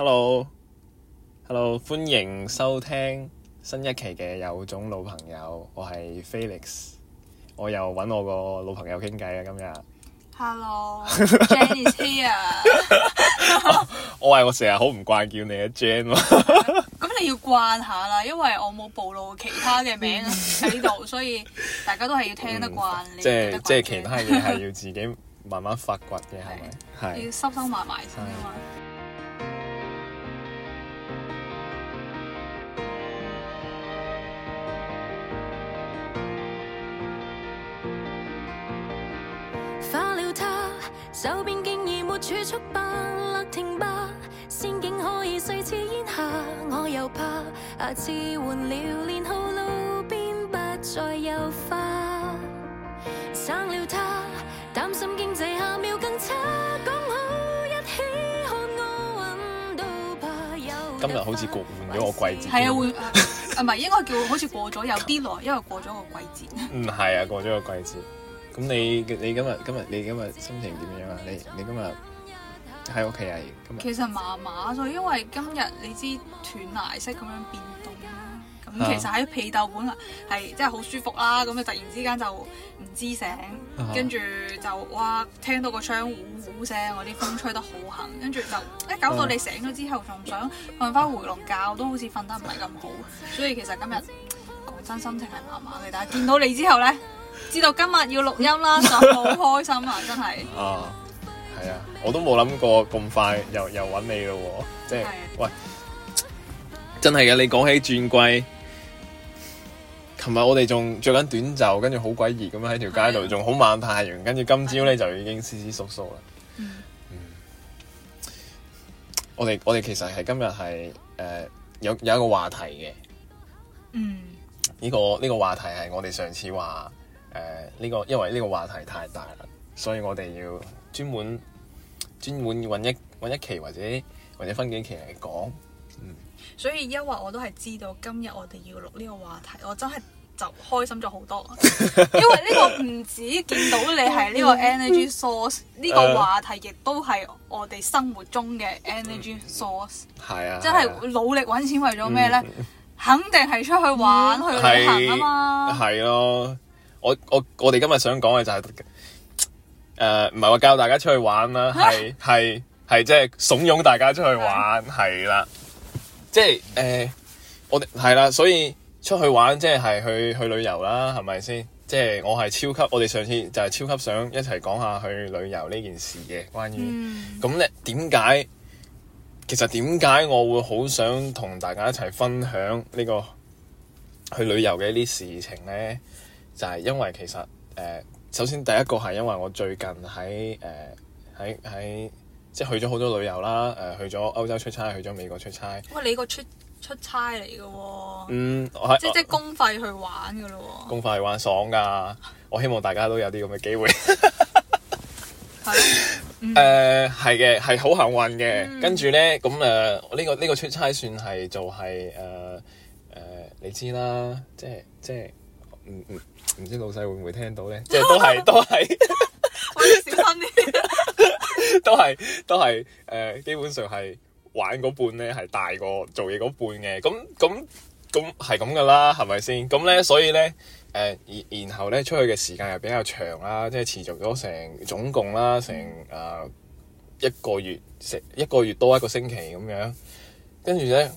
Hello，Hello，歡迎收聽新一期嘅有種老朋友，我係 Felix，我又搵我個老朋友傾偈啊，今日。Hello，Janice here。我係我成日好唔慣叫你阿 Jan 嘛。咁你要慣下啦，因為我冇暴露其他嘅名喺度，所以大家都係要聽得慣。即係即係其他嘢係要自己慢慢發掘嘅，係咪？係要收收埋埋先啊嘛。手邊竟然沒儲蓄，不勒停吧。仙境可以碎似煙霞，我又怕。下次換了，年號路邊不再有花。生了他，擔心經濟下秒更差。講好一起看奧運，都怕有。今日好似過換咗個季節。係啊，換啊，唔係 應該叫好似過咗有啲耐，因為過咗個季節。唔係啊，過咗個季節。咁你你今日今日你今日心情點樣啊？你你今日喺屋企啊？今日其實麻麻咗，因為今日你知斷崖式咁樣變凍啦。咁其實喺被竇本係即係好舒服啦。咁啊突然之間就唔知醒，跟住、啊、就哇聽到個窗呼呼聲，嗰啲風吹得好狠，跟住就一、欸、搞到你醒咗之後仲、啊、想瞓翻回籠覺，都好似瞓得唔係咁好。所以其實今日講真心情係麻麻嘅，但係見到你之後咧～知道今日要錄音啦， 就好開心啊！真係啊，係啊，我都冇諗過咁快又又搵你咯、啊，即係、啊、喂，真係嘅！你講起轉季，琴日我哋仲着緊短袖，跟住好鬼熱咁喺條街度，仲好、啊、猛太陽，跟住今朝咧就已經絲絲縮縮啦。啊、嗯，我哋我哋其實係今日係誒有有一個話題嘅，嗯，呢、這個呢、這個話題係我哋上次話。誒，呢、uh, 這個因為呢個話題太大啦，所以我哋要專門專門搵一一期或者或者分幾期嚟講。嗯，所以一話我都係知道今日我哋要錄呢個話題，我真係就開心咗好多。 因為呢個唔止見到你係呢個 energy source，呢 個話題亦都係我哋生活中嘅 energy source、嗯。係、嗯、啊，真係努力搵錢為咗咩呢？嗯、肯定係出去玩、嗯、去旅行啊嘛。係咯。我我我哋今日想講嘅就係誒，唔係話教大家出去玩啦，係係係即係慫恿大家出去玩係啦、啊，即係誒、呃、我哋係啦，所以出去玩即係係去去旅遊啦，係咪先？即、就、係、係、我係超級，我哋上次就係超級想一齊講一下去旅遊呢件事嘅，關於咁咧點解？其實點解我會好想同大家一齊分享呢、呢個去旅遊嘅一啲事情咧？就係因為其實誒、呃，首先第一個係因為我最近喺誒喺喺，即係去咗好多旅遊啦，誒、呃、去咗歐洲出差，去咗美國出差。哇！你個出出差嚟嘅喎，嗯，即即我公費去玩嘅咯喎，公費去玩爽㗎，我希望大家都有啲咁嘅機會。 係、嗯、誒，係嘅、uh，係好幸運嘅。嗯、跟住咧，咁誒呢個呢、呢個呢個出差算係就係誒誒，你知啦，即係即係，嗯嗯。唔知老細會唔會聽到咧？即係都係都係，我要小心啲。都係 都係，誒、呃，基本上係玩嗰半咧係大過做嘢嗰半嘅。咁咁咁係咁噶啦，係咪先？咁咧，所以咧，誒、呃，然後咧出去嘅時間又比較長啦，即係持續咗成總共啦，成誒、呃、一個月，成一個月多一個星期咁樣，跟住咧。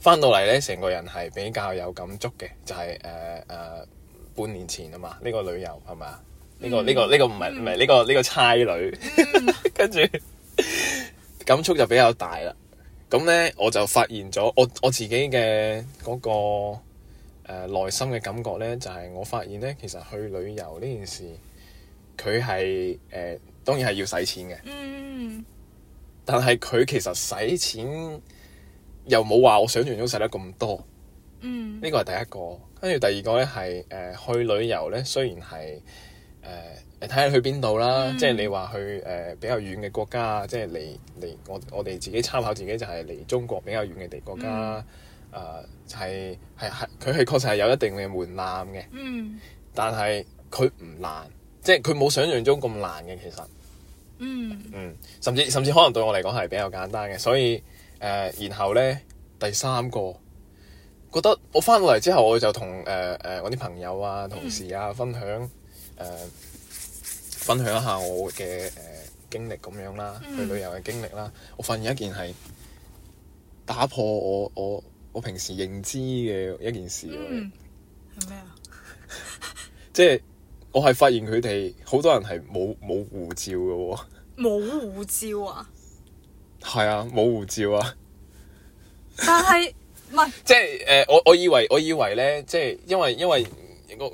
翻到嚟咧，成個人係比較有感觸嘅，就係誒誒半年前啊嘛，呢個旅遊係咪？呢個呢個呢個唔係唔係呢個呢個差旅，跟 住感觸就比較大啦。咁咧，我就發現咗我我自己嘅嗰個誒內心嘅感覺咧，就係我發現咧，其實去旅遊呢件事，佢係誒當然係要使錢嘅，嗯，但係佢其實使錢。又冇話我想象中使得咁多，嗯，呢個係第一個。跟住第二個呢，係誒、呃、去旅遊呢，雖然係、呃、你睇下去邊度啦，嗯、即係你話去誒、呃、比較遠嘅國家，即係離離我我哋自己參考自己就係離中國比較遠嘅地國家，誒係係係佢係確實係有一定嘅門檻嘅，嗯，但係佢唔難，即係佢冇想象中咁難嘅其實，嗯，嗯，甚至甚至可能對我嚟講係比較簡單嘅，所以。誒、呃，然後咧，第三個覺得我翻到嚟之後我、呃呃，我就同誒誒我啲朋友啊、同事啊、嗯、分享誒、呃，分享一下我嘅誒、呃、經歷咁樣啦，去旅遊嘅經歷啦。嗯、我發現一件係打破我我我平時認知嘅一件事，係咩啊？即係我係發現佢哋好多人係冇冇護照嘅喎、哦，冇護照啊！係啊，冇護照啊！ 但係唔係，即係誒、呃，我我以為我以為咧，即係因為因為，因為我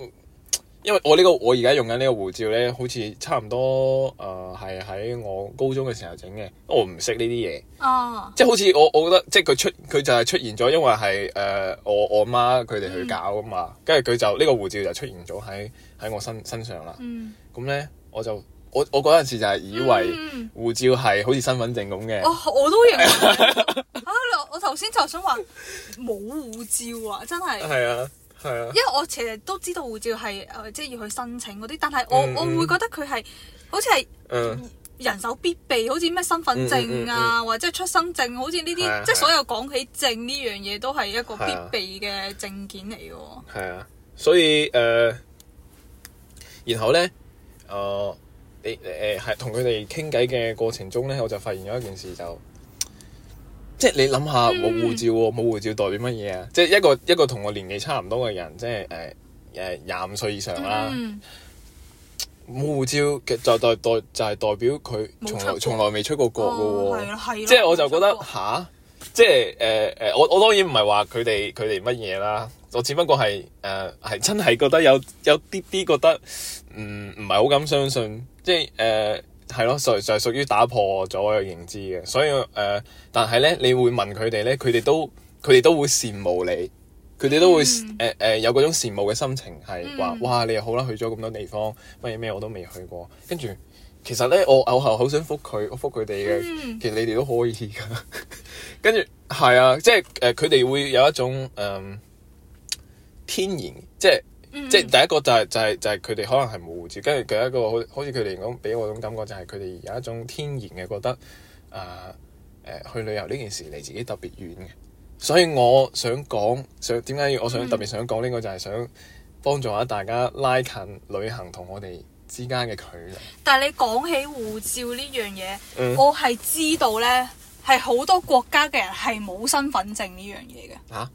因、這、為、個、我個呢個我而家用緊呢個護照咧，好似差唔多誒，係、呃、喺我高中嘅時候整嘅。我唔識呢啲嘢啊，即係好似我我覺得，即係佢出佢就係出現咗，因為係誒、呃、我我阿媽佢哋去搞啊嘛，跟住佢就呢、這個護照就出現咗喺喺我身身上啦。嗯，咁咧我就。我我嗰陣時就係以為護照係好似身份證咁嘅、嗯，我我都認 啊！我我頭先就想話冇護照啊，真係係啊係啊。啊因為我其實都知道護照係誒，即、就、係、是、要去申請嗰啲，但係我、嗯嗯、我會覺得佢係好似係人手必備，嗯、好似咩身份證啊，嗯嗯嗯嗯、或者出生證，好似呢啲即係所有講起證呢樣嘢都係一個必備嘅證件嚟嘅喎。係啊，啊，所以誒、呃，然後咧，誒、呃。你誒誒係同佢哋傾偈嘅過程中咧，我就發現咗一件事就，就即、是、係你諗下冇護照喎、啊，冇、嗯、護照代表乜嘢啊？即、就、係、是、一個一個同我年紀差唔多嘅人，即係誒誒廿五歲以上啦、啊。冇、嗯、護照就是、代代就係、是、代表佢從來從來未出過國噶喎、啊，即係、哦、我就覺得吓？即係誒誒。我我當然唔係話佢哋佢哋乜嘢啦，我只不過係誒係真係覺得有有啲啲覺得，嗯唔係好敢相信。即係誒，係咯，就就係屬於打破咗我嘅認知嘅，所以誒、呃，但係咧，你會問佢哋咧，佢哋都佢哋都會羨慕你，佢哋都會誒誒、嗯呃呃，有嗰種羨慕嘅心情，係話、嗯、哇，你又好啦，去咗咁多地方，乜嘢咩我都未去過，跟住其實咧，我偶後好想覆佢，我覆佢哋嘅，其實、嗯、其實你哋都可以噶，跟住係啊，即係誒，佢、呃、哋會有一種誒、嗯、天然即係。嗯、即係第一個就係、是、就係、是、就係佢哋可能係冇護照，跟住第一個好好似佢哋咁俾我種感覺，就係佢哋有一種天然嘅覺得，啊、呃、誒、呃、去旅遊呢件事離自己特別遠嘅。所以我想講，想點解我想嗯、特別想講呢個，就係想幫助下大家拉近旅行同我哋之間嘅距離。但係你講起護照呢樣嘢，嗯、我係知道呢係好多國家嘅人係冇身份證呢樣嘢嘅。嚇、啊！.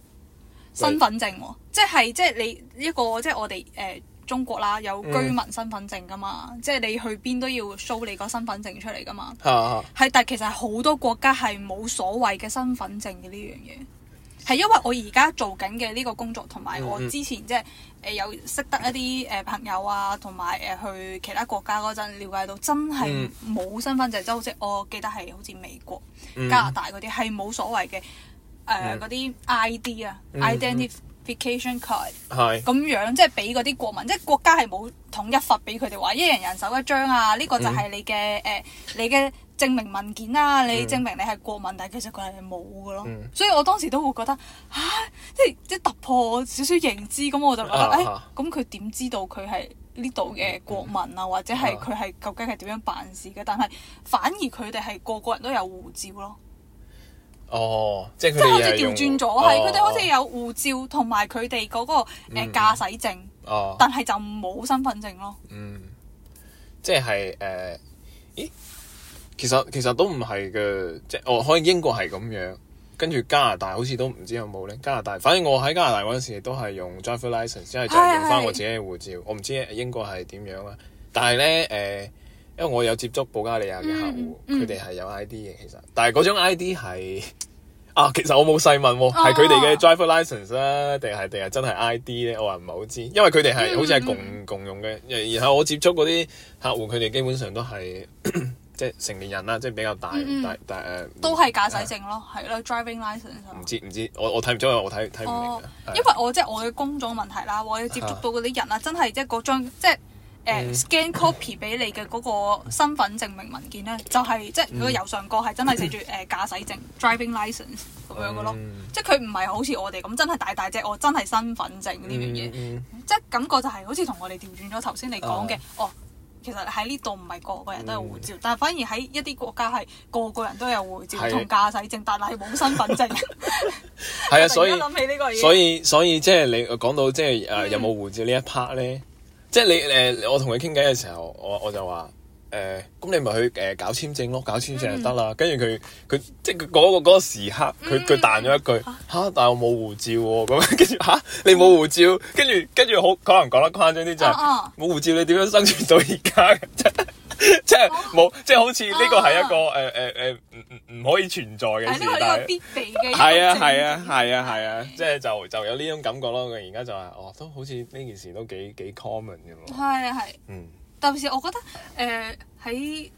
身份證喎、哦，即係即係你一個即係我哋誒、呃、中國啦，有居民身份證噶嘛，嗯、即係你去邊都要 show 你個身份證出嚟噶嘛。係、啊啊，但其實好多國家係冇所謂嘅身份證嘅呢樣嘢，係因為我而家做緊嘅呢個工作同埋我之前即係誒有識得一啲誒朋友啊，同埋誒去其他國家嗰陣瞭解到，真係冇身份證，即係、嗯、好似我記得係好似美國、嗯、加拿大嗰啲係冇所謂嘅。誒嗰啲 ID 啊，identification card，咁樣，即係俾嗰啲國民，即係國家係冇統一發俾佢哋話一人人手一張啊！呢個就係你嘅誒你嘅證明文件啊，你證明你係國民，但係其實佢係冇嘅咯。所以我當時都會覺得，啊即係即係突破少少認知咁，我就覺得，誒咁佢點知道佢係呢度嘅國民啊？或者係佢係究竟係點樣辦事嘅？但係反而佢哋係個個人都有護照咯。哦，即係佢即係好似調轉咗，係佢哋好似有護照同埋佢哋嗰個誒駕駛證，嗯嗯嗯、但係就冇身份證咯。嗯，即係誒、呃，咦，其實其實都唔係嘅，即係哦，可能英國係咁樣，跟住加拿大好似都唔知有冇咧。加拿大，反正我喺加拿大嗰陣時都係用 driver license，即係就用翻我自己嘅護照。嘿嘿，我唔知英國係點樣啦，但係咧誒。呃因為我有接觸保加利亞嘅客戶，佢哋係有 ID 嘅，其實，但係嗰種 ID 係啊，其實我冇細問，係佢哋嘅 driver license 啦，定係定係真係 ID 咧？我話唔係好知，因為佢哋係好似係共共用嘅。然後我接觸嗰啲客戶，佢哋基本上都係即係成年人啦，即係比較大，但但係誒，都係駕駛證咯，係咯，driving license。唔知唔知，我我睇唔出，我睇睇唔明。因為我即係我嘅工作問題啦，我要接觸到嗰啲人啊，真係即係嗰種即係。誒 scan copy 俾你嘅嗰個身份證明文件咧，就係即係佢個右上角係真係寫住誒駕駛證 driving license 咁樣嘅咯，即係佢唔係好似我哋咁真係大大隻，我真係身份證呢樣嘢，即係感覺就係好似同我哋調轉咗頭先你講嘅哦，其實喺呢度唔係個個人都有護照，但係反而喺一啲國家係個個人都有護照同駕駛證，但係冇身份證。係啊，所以我諗起呢個嘢，所以所以即係你講到即係誒有冇護照呢一 part 咧？即係你誒，我同佢傾偈嘅時候，我我就話誒，咁、呃、你咪去誒、呃、搞簽證咯，搞簽證就得啦。跟住佢佢即係嗰、那個嗰、那個時刻，佢佢彈咗一句吓、嗯，但係我冇護照喎、啊。咁跟住吓，你冇護照，跟住跟住好可能講得誇張啲就係冇護照，你點樣生存到而家？ 即係冇，哦、即係好似呢個係一個誒誒誒唔唔唔可以存在嘅事，是一個必備嘅，係啊係啊係啊係啊，即係、啊啊啊啊啊啊、就是、就,就有呢種感覺咯。而家就係、是、哦，都好似呢件事都幾幾 common 嘅喎，係係、啊，啊、嗯，特別是我覺得誒喺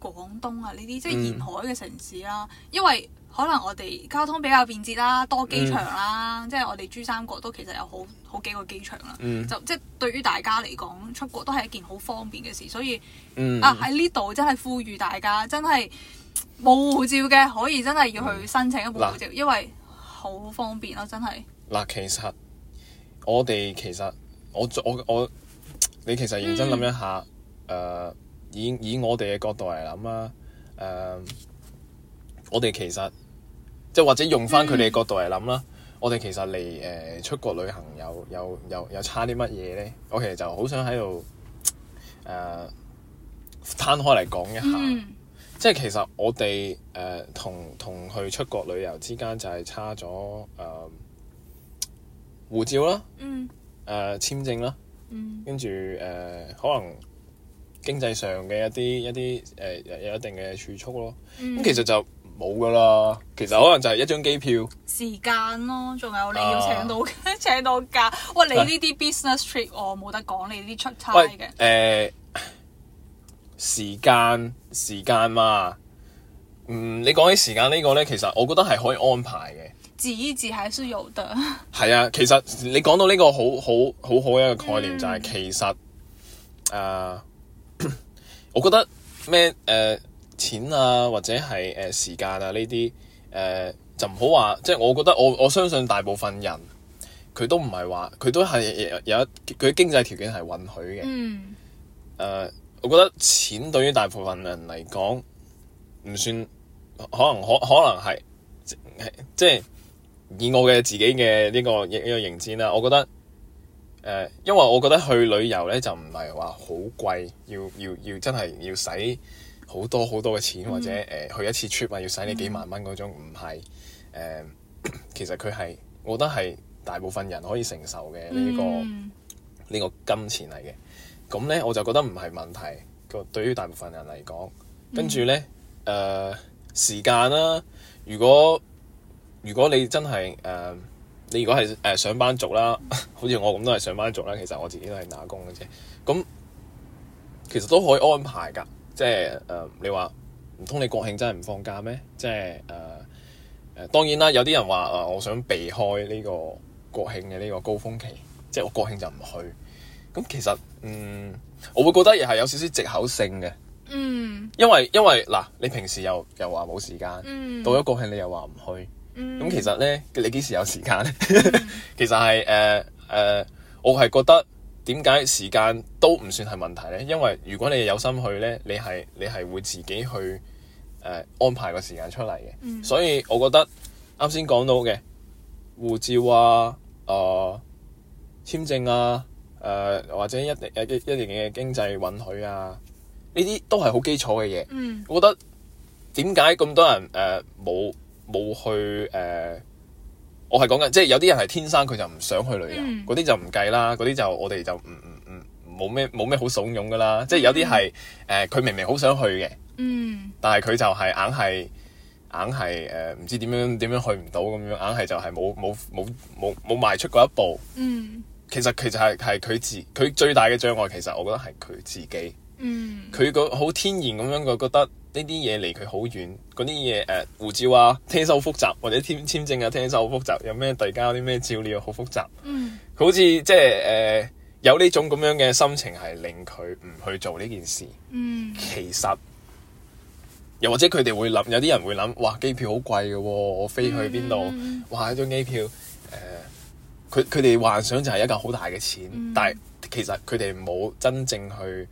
廣東啊呢啲即係沿海嘅城市啦、啊，嗯、因為。可能我哋交通比較便捷啦，多機場啦，嗯、即係我哋珠三角都其實有好好幾個機場啦，嗯、就即係對於大家嚟講出國都係一件好方便嘅事，所以、嗯嗯、啊喺呢度真係呼籲大家真係冇護照嘅可以真係要去申請一本護照，嘞因為好方便咯，真係。嗱，其實我哋其實我我我你其實認真諗一下，誒、嗯呃、以以，以我哋嘅角度嚟諗啦，誒、呃。嗯我哋其實即係或者用翻佢哋嘅角度嚟諗啦，嗯、我哋其實嚟誒、呃、出國旅行又有有有，有差啲乜嘢咧？我其實就好想喺度誒攤開嚟講一下，嗯、即係其實我哋誒、呃、同同去出國旅遊之間就係差咗誒、呃、護照啦，嗯，誒、呃、簽證啦，跟住誒可能經濟上嘅一啲一啲誒有有一定嘅儲蓄咯，咁、嗯嗯、其實就。冇㗎啦，其實可能就係一張機票，時間咯，仲有你要請到、啊、請到假，喂！你呢啲 business trip、哎、我冇得講，你啲出差嘅。誒、呃，時間時間嘛，嗯，你講起時間個呢個咧，其實我覺得係可以安排嘅。擠一擠還是有的。係 啊，其實你講到呢個好好好好一個概念就係、是，嗯、其實誒、呃，我覺得咩誒。Man, 呃錢啊，或者係誒、呃、時間啊呢啲誒，就唔好話，即係我覺得我我相信大部分人佢都唔係話佢都係有有佢經濟條件係允許嘅。誒、嗯呃，我覺得錢對於大部分人嚟講唔算可能可可能係即係以我嘅自己嘅呢、這個呢、這個認知啦，我覺得誒、呃，因為我覺得去旅遊咧就唔係話好貴，要要要真係要使。好多好多嘅錢、嗯、或者誒、呃、去一次 trip 啊，要使你幾萬蚊嗰種，唔係誒，其實佢係，我覺得係大部分人可以承受嘅呢、嗯呢個呢、呢個金錢嚟嘅。咁咧我就覺得唔係問題，個對於大部分人嚟講，跟住咧誒時間啦、啊，如果如果你真係誒、呃，你如果係誒上班族啦， 好似我咁都係上班族啦，其實我自己都係打工嘅啫，咁其實都可以安排㗎。即係誒，你話唔通你國慶真係唔放假咩？即係誒誒，當然啦，有啲人話話、呃、我想避開呢個國慶嘅呢個高峰期，即、就、係、是、我國慶就唔去。咁其實嗯，我會覺得又係有少少借口性嘅。嗯因，因為因為嗱，你平時又又話冇時間，嗯、到咗國慶你又話唔去。咁、嗯、其實咧，你幾時有時間咧？ 其實係誒誒，我係覺得。點解時間都唔算係問題呢？因為如果你有心去呢，你係你係會自己去、呃、安排個時間出嚟嘅。嗯、所以我覺得啱先講到嘅護照啊、誒、呃、簽證啊、誒、呃、或者一一一定嘅經濟允許啊，呢啲都係好基礎嘅嘢。嗯、我覺得點解咁多人誒冇冇去誒？呃我係講緊，即係有啲人係天生佢就唔想去旅遊，嗰啲、嗯、就唔計啦，嗰啲就我哋就唔唔唔冇咩冇咩好慫恿噶啦。嗯、即係有啲係誒，佢、呃、明明好想去嘅，嗯、但係佢就係硬係硬係誒，唔知點樣點樣去唔到咁樣，硬係就係冇冇冇冇冇邁出過一步。嗯、其實其實係係佢自佢最大嘅障礙，其實我覺得係佢自己。佢個好天然咁樣個覺得。呢啲嘢離佢好遠，嗰啲嘢誒護照啊，聽收好複雜，或者簽簽證啊，聽收好複雜，有咩遞交啲咩照料好複雜，嗯，好似即係誒有呢種咁樣嘅心情，係令佢唔去做呢件事，嗯，其實又或者佢哋會諗，有啲人會諗，哇機票好貴嘅，我飛去邊度，嗯、哇一張機票，誒、呃，佢佢哋幻想就係一件好大嘅錢，嗯、但係其實佢哋冇真正去。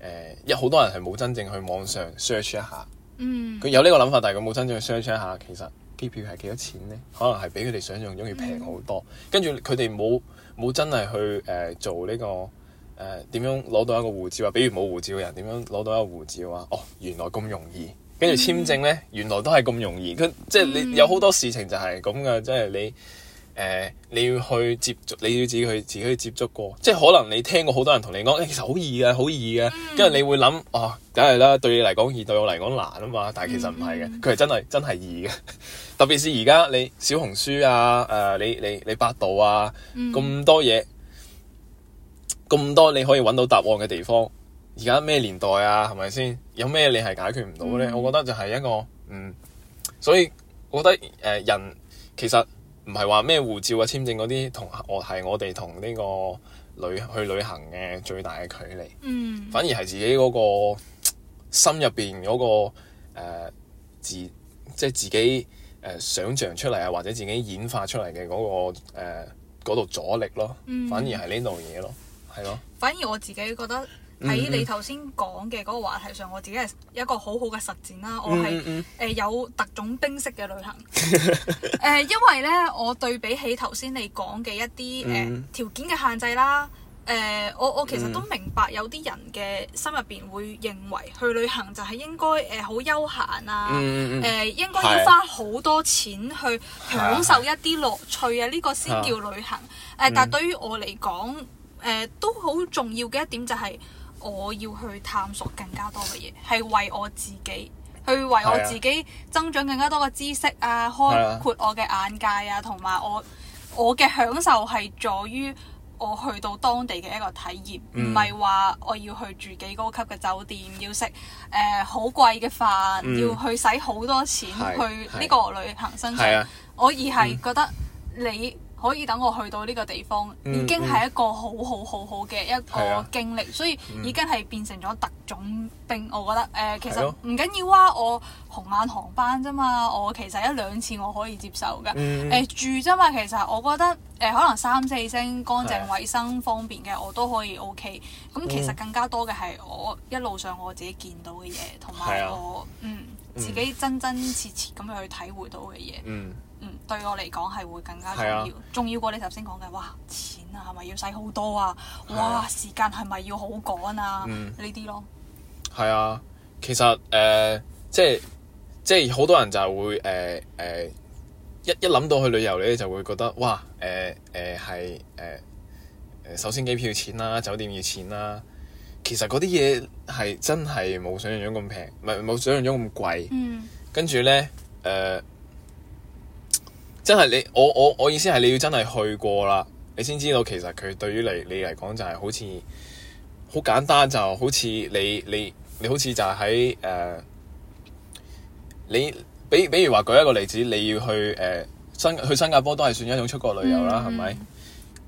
誒有好多人係冇真正去網上 search 一下，佢、嗯、有呢個諗法，但係佢冇真正去 search 一下，其實機票係幾多錢呢？可能係比佢哋想像中要平好多。跟住佢哋冇冇真係去誒、呃、做呢、這個誒點、呃、樣攞到一個護照啊？比如冇護照嘅人點樣攞到一個護照啊？哦，原來咁容易。跟住簽證呢，嗯、原來都係咁容易。佢即係你、嗯、有好多事情就係咁嘅，即係你。誒、呃，你要去接觸，你要自己去，自己去接觸過，即係可能你聽過好多人同你講、欸，其實好易嘅，好易嘅，跟住、嗯、你會諗，哦、啊，梗係啦，對你嚟講易，對我嚟講難啊嘛，但係其實唔係嘅，佢係真係真係易嘅， 特別是而家你小紅書啊，誒、呃，你你你百度啊，咁、嗯、多嘢，咁多你可以揾到答案嘅地方，而家咩年代啊，係咪先？有咩你係解決唔到咧？嗯、我覺得就係一個，嗯，所以我覺得誒、呃，人其實。唔係話咩護照啊、簽證嗰啲，同我係我哋同呢個旅去旅行嘅最大嘅距離。嗯，反而係自己嗰、個心入邊嗰個、呃、自，即係自己誒想像出嚟啊，或者自己演化出嚟嘅嗰個嗰度、呃、阻力咯。嗯、反而係呢度嘢咯，係咯。反而我自己覺得。喺你頭先講嘅嗰個話題上，我自己係一個好好嘅實踐啦。我係誒、 呃、有特種兵式嘅旅行誒、 呃，因為咧我對比起頭先你講嘅一啲誒、呃、條件嘅限制啦，誒、呃、我我其實都明白有啲人嘅心入邊會認為去旅行就係應該誒好悠閒啊，誒、 呃、應該要花好多錢去享受一啲樂趣啊，呢、 啊、個先叫旅行。誒、呃，但對於我嚟講，誒、呃、都好重要嘅一點就係、是。我要去探索更加多嘅嘢，係為我自己，去為我自己增長更加多嘅知識啊，開闊我嘅眼界啊，同埋我我嘅享受係在於我去到當地嘅一個體驗，唔係話我要去住幾高級嘅酒店，要食誒好貴嘅飯，呃嗯、要去使好多錢去呢個旅行身上，我而係覺得你。可以等我去到呢個地方，已經係一個好好好好嘅一個經歷，所以已經係變成咗特種兵。我覺得誒，其實唔緊要啊，我紅眼航班啫嘛，我其實一兩次我可以接受㗎。誒住啫嘛，其實我覺得誒可能三四星乾淨、衞生、方便嘅，我都可以 OK。咁其實更加多嘅係我一路上我自己見到嘅嘢，同埋我嗯自己真真切切咁樣去體會到嘅嘢。嗯，mm, 對我嚟講係會更加重要，啊、重要過你頭先講嘅。哇，錢啊，係咪要使好多啊？啊哇，時間係咪要好趕啊？呢啲、嗯、咯，係啊，其實誒、呃，即係即係好多人就係會誒、呃呃、一一諗到去旅遊咧，就會覺得哇，誒誒係誒誒，首先機票要錢啦、啊，酒店要錢啦、啊。其實嗰啲嘢係真係冇想象中咁平，唔係冇想象中咁貴。跟住咧誒。真係你，我我我意思係你要真係去過喇。你先知道其實佢對於你你嚟講就係好似好簡單，就好似你你你好似就係喺誒，uh, 你比比如話舉一個例子，你要去誒、uh, 新去新加坡都係算一種出國旅遊啦，係咪、mm？Hmm. 是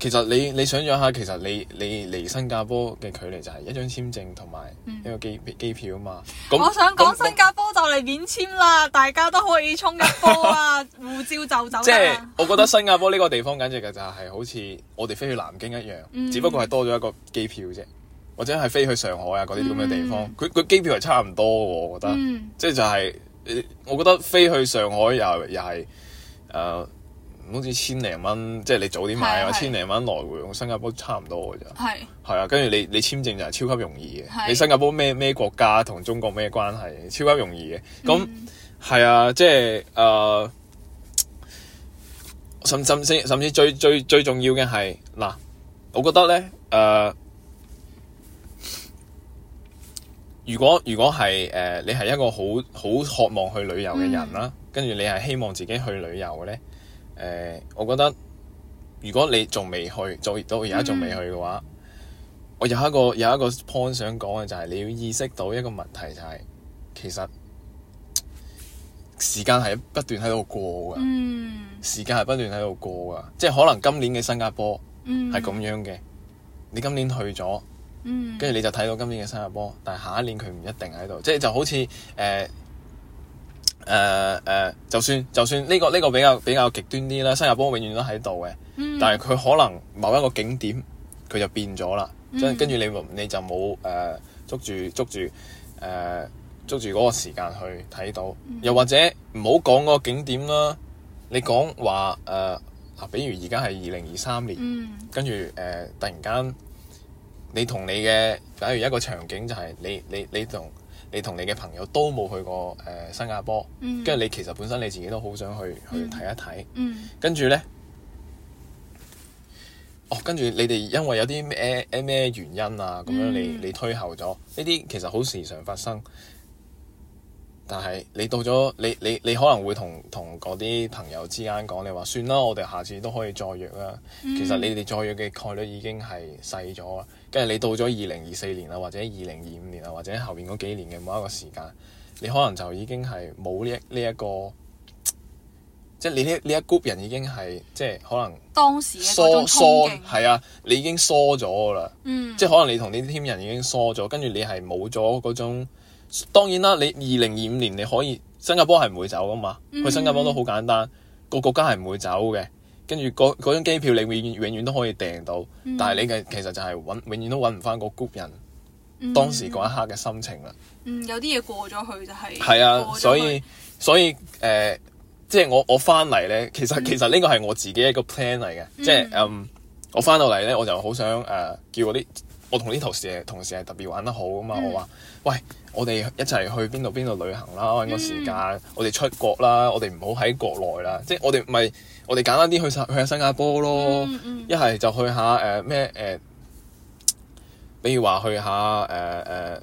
其實你你想象下，其實你你離新加坡嘅距離就係一張簽證同埋一個機、嗯、機票啊嘛。我想講新加坡就嚟免簽啦，大家都可以衝一波啊！ 護照就走。即係我覺得新加坡呢個地方簡直嘅就係好似我哋飛去南京一樣，嗯、只不過係多咗一個機票啫。或者係飛去上海啊嗰啲咁嘅地方，佢佢、嗯、機票係差唔多嘅，我覺得。即係、嗯、就係、就係呃，我覺得飛去上海又又係誒。好似千零蚊，即係你早啲買啊，千零蚊來回，個、啊、新加坡差唔多㗎咋。係、啊，係啊，跟住你你簽證就係超級容易嘅。啊、你新加坡咩咩國家同中國咩關係？超級容易嘅。咁係、嗯、啊，即係誒、呃，甚甚甚至，甚至最最最重要嘅係嗱，我覺得咧誒、呃，如果如果係誒、呃，你係一個好好渴望去旅遊嘅人啦，嗯、跟住你係希望自己去旅遊咧。誒，uh, 我覺得如果你仲未去，做，到而家仲未去嘅話，mm. 我有一個有一個 point 想講嘅就係你要意識到一個問題，就係，就係其實時間係不斷喺度過嘅，mm. 時間係不斷喺度過嘅，即係可能今年嘅新加坡係咁樣嘅，mm. 你今年去咗，跟住、mm. 你就睇到今年嘅新加坡，但係下一年佢唔一定喺度，即係就好似誒。Uh, 誒誒、uh, uh,，就算就算呢個呢、這個比較比較極端啲啦，新加坡永遠都喺度嘅，嗯、但係佢可能某一個景點佢就變咗啦，嗯、跟跟住你你就冇誒、uh, 捉住捉住誒、uh, 捉住嗰個時間去睇到，嗯、又或者唔好講個景點啦，你講話誒，嗱、uh, 嗯 uh,，比如而家係二零二三年，跟住誒突然間，你同你嘅，假如一個場景就係你你你同。你你同你嘅朋友都冇去過誒、呃、新加坡，跟住、嗯、你其實本身你自己都好想去、嗯、去睇一睇，嗯、跟住呢，哦，跟住你哋因為有啲咩咩原因啊，咁樣你、嗯、你推後咗，呢啲其實好時常發生。但係你到咗你你你可能會同同嗰啲朋友之間講，你話算啦，我哋下次都可以再約啦。嗯、其實你哋再約嘅概率已經係細咗啦。跟住你到咗二零二四年啊，或者二零二五年啊，或者後邊嗰幾年嘅某一個時間，嗯、你可能就已經係冇呢一個，即係你呢一 group 人已經係即係可能當時疏疏係啊，你已經疏咗啦。嗯、即係可能你同呢啲 team 人已經疏咗，跟住你係冇咗嗰種。當然啦，你二零二五年你可以新加坡係唔會走噶嘛？嗯、去新加坡都好簡單，嗯、個國家係唔會走嘅。跟住嗰嗰張機票你永遠永遠都可以訂到，嗯、但係你嘅其實就係永遠都搵唔翻個 group 人，嗯、當時嗰一刻嘅心情啦。嗯，有啲嘢過咗去就係係啊，所以所以誒，即係我我翻嚟咧，其實其實呢個係我自己一個 plan 嚟嘅，即係嗯，我翻到嚟咧，我就好想誒叫嗰啲我同啲同事係同事係特別玩得好噶嘛，我話喂。我哋一齊去邊度邊度旅行啦！揾個時間，我哋出國啦！我哋唔好喺國內啦，即係我哋咪我哋簡單啲去新去下新加坡咯。一係就去下誒咩誒，比如話去下誒誒，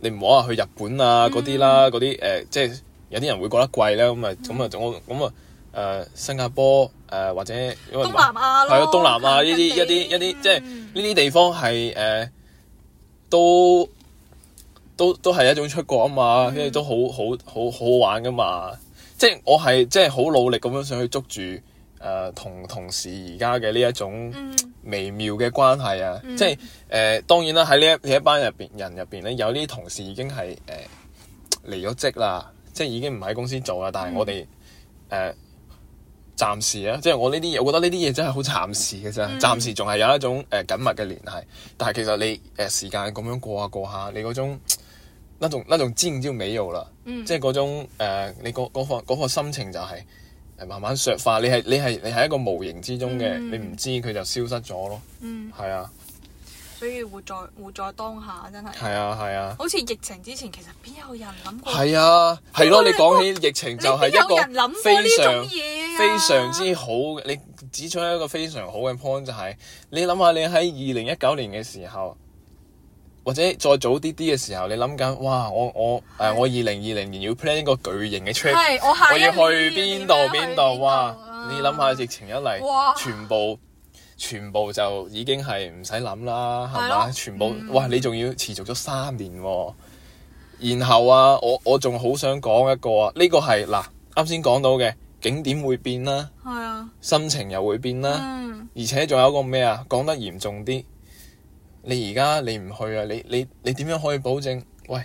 你唔好話去日本啊嗰啲啦，嗰啲誒即係有啲人會覺得貴咧。咁啊咁啊，咁啊誒新加坡誒或者東南亞咯，係咯東南亞呢啲一啲一啲，即係呢啲地方係誒都。都都係一種出國啊嘛，因為、嗯、都好好好好玩噶嘛。即係我係即係好努力咁樣想去捉住誒、呃、同同事而家嘅呢一種微妙嘅關係啊。嗯、即係誒、呃、當然啦，喺呢一呢一班入邊人入邊咧，有啲同事已經係誒離咗職啦，即係已經唔喺公司做啦。但係我哋誒、嗯呃、暫時啊，即係我呢啲嘢，我覺得呢啲嘢真係好暫時嘅啫。嗯、暫時仲係有一種誒緊密嘅聯繫，但係其實你誒時間咁樣過下過下，你嗰種。嗰、嗯、種嗰種知唔知冇咗啦，即係嗰種你嗰嗰、嗰個嗰個心情就係慢慢削化，你係你係你係一個無形之中嘅，嗯、你唔知佢就消失咗咯，係、嗯、啊。所以活在活在當下真係，係啊係啊。啊好似疫情之前，其實邊有人諗過？係啊，係咯如果、啊。你講起疫情就係一個非常、啊、非常之好。你指出一個非常好嘅 point 就係、是，你諗下你喺二零一九年嘅時候。或者再早啲啲嘅時候，你諗緊哇，我我誒，我二零二零年要 plan 一個巨型嘅 trip，我，我要去邊度邊度哇！你諗下，疫情一嚟，哇全部全部就已經係唔使諗啦，係咪哇吧全部、嗯、哇，你仲要持續咗三年、哦，然後啊，我我仲好想講一個啊，呢、這個係嗱，啱先講到嘅景點會變啦，係啊、心情又會變啦，嗯、而且仲有一個咩啊？講得嚴重啲。你而家你唔去啊？你你你點樣可以保證？喂，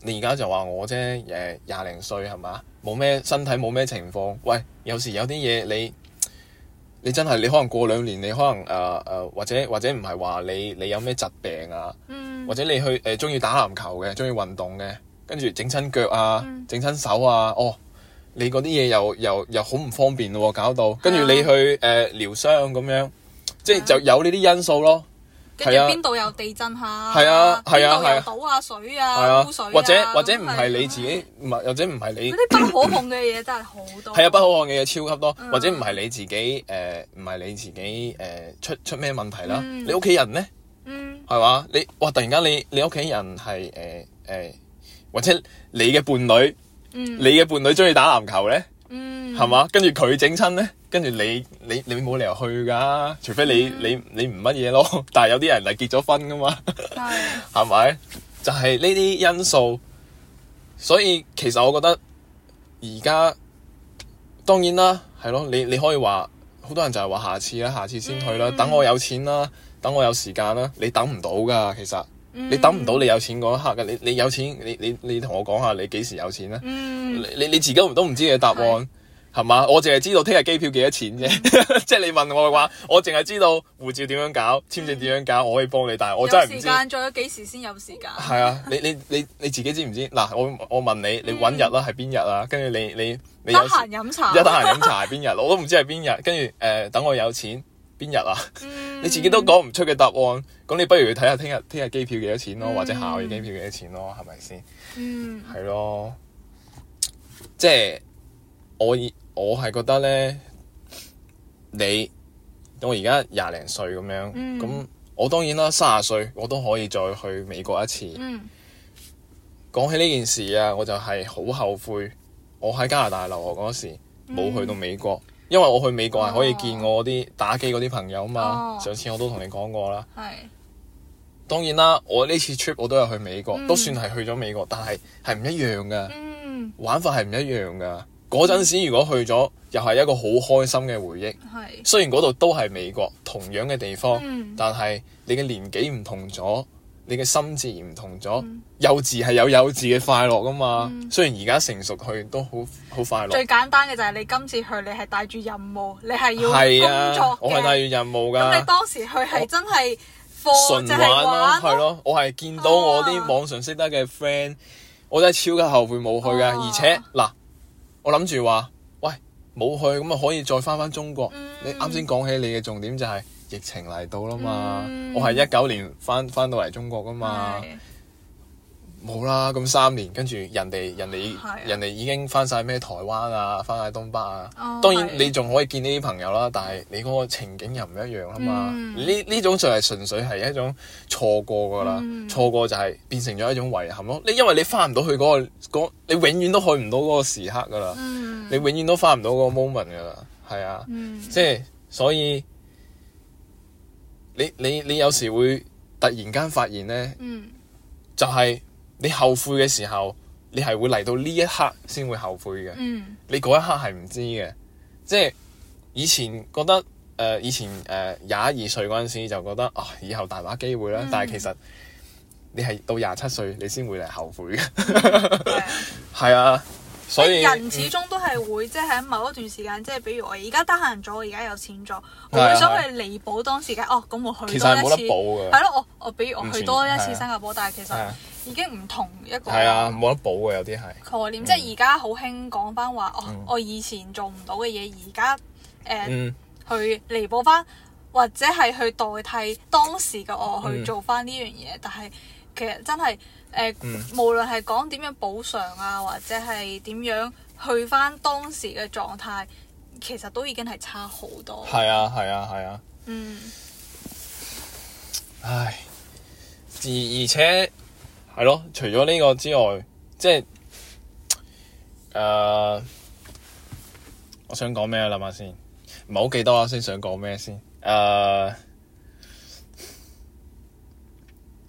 你而家就話我啫？誒、呃，廿零歲係嘛？冇咩身體冇咩情況？喂，有時有啲嘢你，你真係你可能過兩年你可能誒誒、呃呃，或者或者唔係話你你有咩疾病啊？嗯、或者你去誒中意打籃球嘅，中意運動嘅，跟住整親腳啊，整親、嗯、手啊，哦，你嗰啲嘢又又又好唔方便咯、啊，搞到跟住你去誒療傷咁樣，即係就有呢啲因素咯。邊度、啊、有地震下？係啊，係啊，係啊，倒啊水啊，啊啊污水啊或，或者或者唔係你自己，唔係、啊，或者唔係你嗰啲不可控嘅嘢真係好多。係 啊，不可控嘅嘢超級多，嗯、或者唔係你自己誒，唔、呃、係你自己誒、呃，出出咩問題啦？你屋企人咧，嗯，係嘛、嗯？你哇！突然間你你屋企人係誒誒，或者你嘅伴侶，嗯、你嘅伴侶中意打籃球咧？係嘛？跟住佢整親咧，跟住你你你冇理由去噶、啊，除非你、嗯、你你唔乜嘢咯。但係有啲人係結咗婚噶嘛，係咪是？ 就係呢啲因素。所以其實我覺得而家當然啦，係咯。你你可以話好多人就係話下次啦，下次先去啦。嗯、等我有錢啦，等我有時間啦。你等唔到噶，其實、嗯、你等唔到你有錢嗰一刻嘅。你你有錢，你你你同我講下你幾時有錢咧？嗯、你你你自己都唔知嘅答案。係嘛？我淨係知道聽日機票幾多錢啫。 即係你問我嘅話，我淨係知道護照點樣搞，簽證點樣搞，嗯、我可以幫你。但係我真係唔知。有時間咗有幾時先有時間？係 啊，你你你你，你自己知唔知？嗱，我我問你，你搵日啦，係邊日啊？跟住你你你，你有得閒飲茶，一得閒飲茶係邊日？ 我都唔知係邊日。跟住誒，等我有錢邊日啊？ 嗯、你自己都講唔出嘅答案，咁你不如去睇下聽日聽日機票幾多錢咯，或者下個月機票幾多錢咯，係咪先？嗯，係、嗯、咯，即、就、係、是、我以。我係覺得呢，你我而家廿零歲咁樣，咁、嗯、我當然啦，三十歲我都可以再去美國一次。講、嗯、起呢件事啊，我就係好後悔，我喺加拿大留學嗰時冇、嗯、去到美國，因為我去美國係可以見我啲打機嗰啲朋友啊嘛。哦、上次我都同你講過啦，係、哦、當然啦，我呢次 trip 我都有去美國，嗯、都算係去咗美國，但係係唔一樣噶，嗯、玩法係唔一樣噶。嗰陣時，如果去咗，又係一個好開心嘅回憶。係。雖然嗰度都係美國，同樣嘅地方，但係你嘅年紀唔同咗，你嘅心智唔同咗。幼稚係有幼稚嘅快樂㗎嘛。雖然而家成熟去都好好快樂。最簡單嘅就係你今次去，你係帶住任務，你係要工作嘅。係啊，我係帶住任務㗎。咁你當時去係真係純玩咯。係咯，我係見到我啲網上識得嘅 friend，我真係超級後悔冇去㗎。而且嗱。我諗住話，喂，冇去噉咪，可以再返返中國。嗯、你啱先講起你嘅重點就係疫情嚟到啦嘛，嗯、我係一九年返返到嚟中國㗎嘛。冇啦，咁三年，跟住人哋人哋、啊、人哋已經翻晒咩台灣啊，翻晒東北啊。哦、當然、啊、你仲可以見呢啲朋友啦、啊，但係你嗰個情景又唔一樣啦嘛。呢呢、嗯、種就係純粹係一種錯過噶啦，嗯、錯過就係變成咗一種遺憾咯。你因為你翻唔到去嗰、嗰個、嗰個、你永遠都去唔到嗰個時刻噶啦，嗯、你永遠都翻唔到嗰個 moment 噶啦，係啊，嗯、即係所以你你你，你有時會突然間發現咧、嗯就係，就係、是。你後悔嘅時候，你係會嚟到呢一刻先會後悔嘅。嗯、你嗰一刻係唔知嘅，即係以前覺得誒、呃，以前誒廿一二歲嗰陣時就覺得哦，以後大把機會啦。嗯、但係其實你係到廿七歲，你先會嚟後悔嘅。係啊，所以人始終都係會即係喺某一段時間，即係比如我而家得閒咗，我而家有錢咗，啊、我會想去彌補當時嘅哦，咁我去多一次，其實冇得補嘅，係咯，我我，我比如我去多一次新加坡，啊、但係其實、啊。已經唔同一個啦，係啊，冇得補嘅，有啲係概念，嗯、即係而家好興講翻話哦，嗯、我以前做唔到嘅嘢，而家誒去彌補翻，或者係去代替當時嘅我去做翻呢樣嘢。嗯、但係其實真係誒，呃嗯、無論係講點樣補償啊，或者係點樣去翻當時嘅狀態，其實都已經係差好多。係啊，係啊，係啊。嗯。嗯嗯嗯唉，而而且。係咯，除咗呢個之外，即係誒、呃，我想講咩啊？諗下先，唔好記得啦，先想講咩先誒？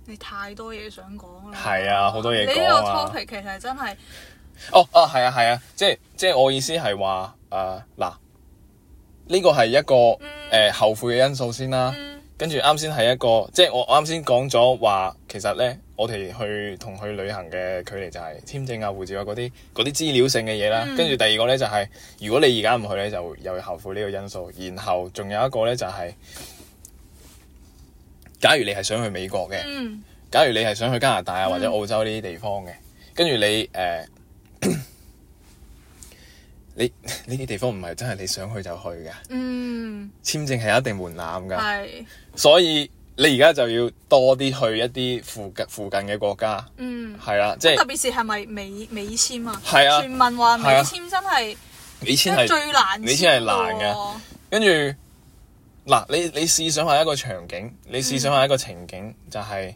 你太多嘢想講啦。係啊，好多嘢講、啊。呢個 topic 其實真係哦哦，係啊係啊，啊，啊，即係即係我意思係話誒嗱，呢、呃這個係一個誒、嗯呃、後悔嘅因素先啦。嗯、跟住啱先係一個，即係我我啱先講咗話，其實咧。我哋去同佢旅行嘅距離就係簽證啊、護照啊嗰啲嗰啲資料性嘅嘢啦。跟住、嗯、第二個呢，就係、是，如果你而家唔去呢，就又後悔呢個因素。然後仲有一個呢，就係、是，假如你係想去美國嘅，嗯、假如你係想去加拿大啊或者澳洲呢啲地方嘅，跟住、嗯、你誒、呃， 你呢啲地方唔係真係你想去就去噶，簽、嗯、證係一定門檻噶，是所以。你而家就要多啲去一啲附近附近嘅國家，嗯，係啦、啊，即、就、係、是、特別是係咪美美簽啊？係啊，傳聞話美簽真係美簽係最難，美簽係難嘅。跟住嗱，你你試想下一個場景，你試想下一個情景，就係、是、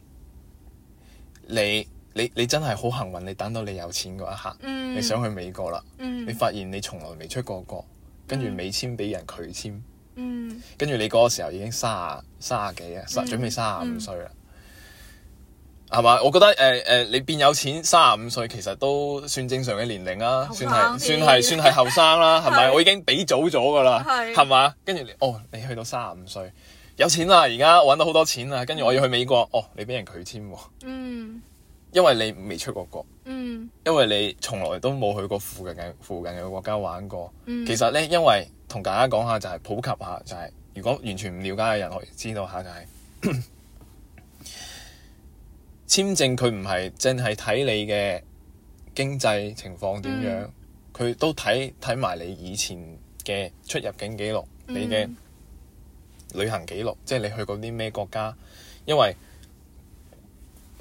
你你你，你真係好幸運，你等到你有錢嗰一刻，嗯、你想去美國啦，嗯、你發現你從來未出過國，跟住美簽俾人拒簽。嗯，跟住你嗰個時候已經三十,三十幾啊，嗯、準備三十五歲啦，係嘛、嗯？我覺得誒誒、呃呃，你變有錢三十五歲其實都算正常嘅年齡啦、啊，算係算係算係後生啦，係咪？ 我已經俾早咗噶啦，係嘛是？跟住哦，你去到三十五歲有錢啦，而家搵到好多錢啦，跟住我要去美國，哦，你俾人拒簽喎，嗯，因為你未出過國，嗯，因為你從來都冇去過附近嘅附近嘅國家玩過，其實咧，因為，因為同大家講下，就係、是、普及下，就係、是、如果完全唔了解嘅人，可以知道下就係、是、 簽證佢唔係淨係睇你嘅經濟情況點樣，佢、嗯、都睇睇埋你以前嘅出入境記錄，嗯、你嘅旅行記錄，即、就、係、是、你去過啲咩國家，因為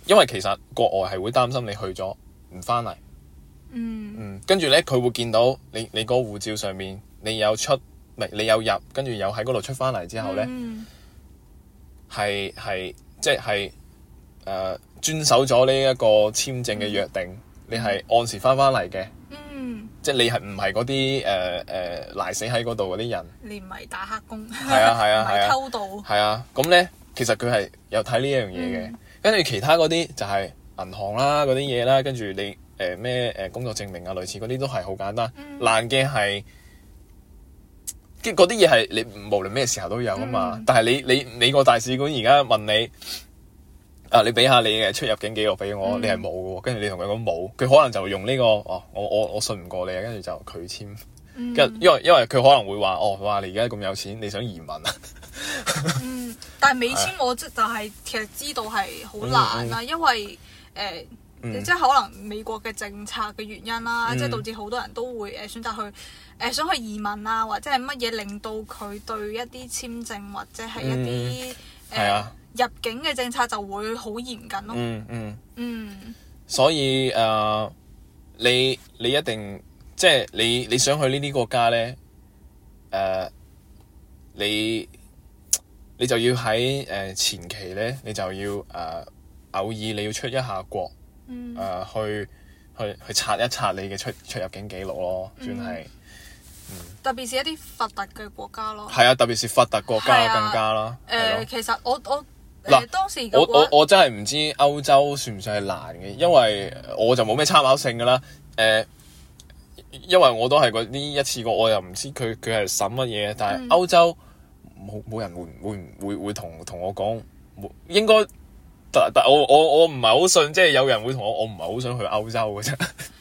因為其實國外係會擔心你去咗唔翻嚟，嗯，跟住咧佢會見到你你個護照上面。你有出咪你有入，跟住又喺嗰度出翻嚟之後咧，係係即係誒遵守咗呢一個簽證嘅約定，你係按時翻翻嚟嘅，即係你係唔係嗰啲誒誒賴死喺嗰度嗰啲人，你唔係打黑工，係啊係啊係啊，偷渡，係啊咁咧，其實佢係有睇呢一樣嘢嘅，跟住其他嗰啲就係銀行啦嗰啲嘢啦，跟住你誒咩誒工作證明啊，類似嗰啲都係好簡單，難嘅係。嗰啲嘢係你無論咩時候都有啊嘛，嗯、但係你你美國大使館而家問你啊，你俾下你嘅出入境記錄俾我，嗯、你係冇嘅喎，跟住你同佢講冇，佢可能就用呢、呢個哦，我我我信唔過你，跟住就拒簽，跟、嗯、因為因為佢可能會話哦，話你而家咁有錢，你想移民啊、 嗯？但係美簽我即就係、係、其實知道係好難啦，嗯嗯、因為誒。呃嗯、即係可能美國嘅政策嘅原因啦，嗯、即係導致好多人都會誒、呃、選擇去誒、呃、想去移民啊，或者係乜嘢令到佢對一啲簽證或者係一啲誒、嗯呃、入境嘅政策就會好嚴謹咯。嗯嗯嗯，所以誒、uh, 你你一定即係、就是、你你想去呢啲國家咧，誒、uh, 你你就要喺誒前期咧，你就要誒、uh, 偶爾你要出一下國。誒、嗯、去去去查一查你嘅出出入境記錄咯，算係。嗯、特別是一啲發達嘅國家咯。係啊，特別是發達國家更加啦。誒、啊啊呃，其實我我嗱咯當時我我我真係唔知歐洲算唔算係難嘅，因為我就冇咩參考性㗎啦。誒、呃，因為我都係嗰啲一次過，我又唔知佢佢係審乜嘢，但係歐洲冇冇、嗯、人會唔會會，會，會同同我講，應該。但但我我我唔係好信，即係有人會同我，我唔係好想去歐洲嘅啫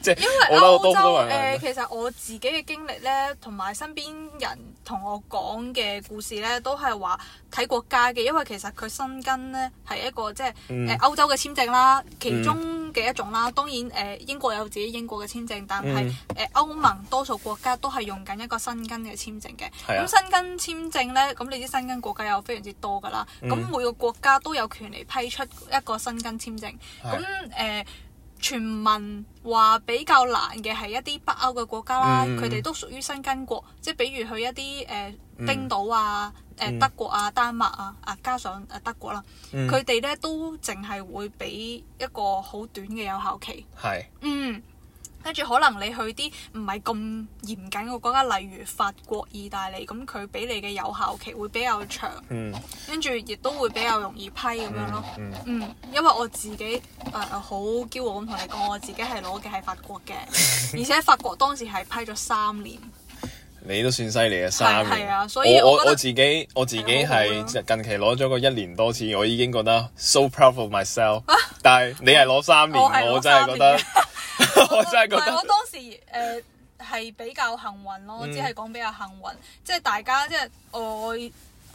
即，即係因為歐洲誒、 呃，其實我自己嘅經歷咧，同埋身邊人。同我講嘅故事呢，都係話睇國家嘅，因為其實佢申根呢，係一個即係誒歐洲嘅簽證啦，其中嘅一種啦。當然誒、呃、英國有自己英國嘅簽證，但係誒、嗯、歐盟多數國家都係用緊一個申根嘅簽證嘅。咁申、嗯、根簽證呢，咁你知申根國家有非常之多噶啦。咁、嗯、每個國家都有權嚟批出一個申根簽證。咁誒的。傳聞話比較難嘅係一啲北歐嘅國家啦，佢哋、嗯、都屬於申根國，即係比如去一啲誒冰島啊、誒、呃嗯、德國啊、丹麥啊、啊加上誒德國啦，佢哋咧都淨係會俾一個好短嘅有效期。係是，嗯。跟住可能你去啲唔係咁嚴謹嘅國家，例如法國、意大利，咁佢俾你嘅有效期會比較長，跟住亦都會比較容易批咁樣咯。嗯，嗯，嗯，因為我自己誒好驕傲咁同你講，我自己係攞嘅係法國嘅， 而且法國當時係批咗三年。你都算犀利啊，三年！啊、所以我我我自己我自己係近期攞咗個一年多次，我已經覺得 so proud of myself、啊。但係你係攞三年，我，三年我真係覺得， 我， 我真係覺得。我當時誒係、呃、比較幸運咯，只係講比較幸運，嗯、即係大家即係我。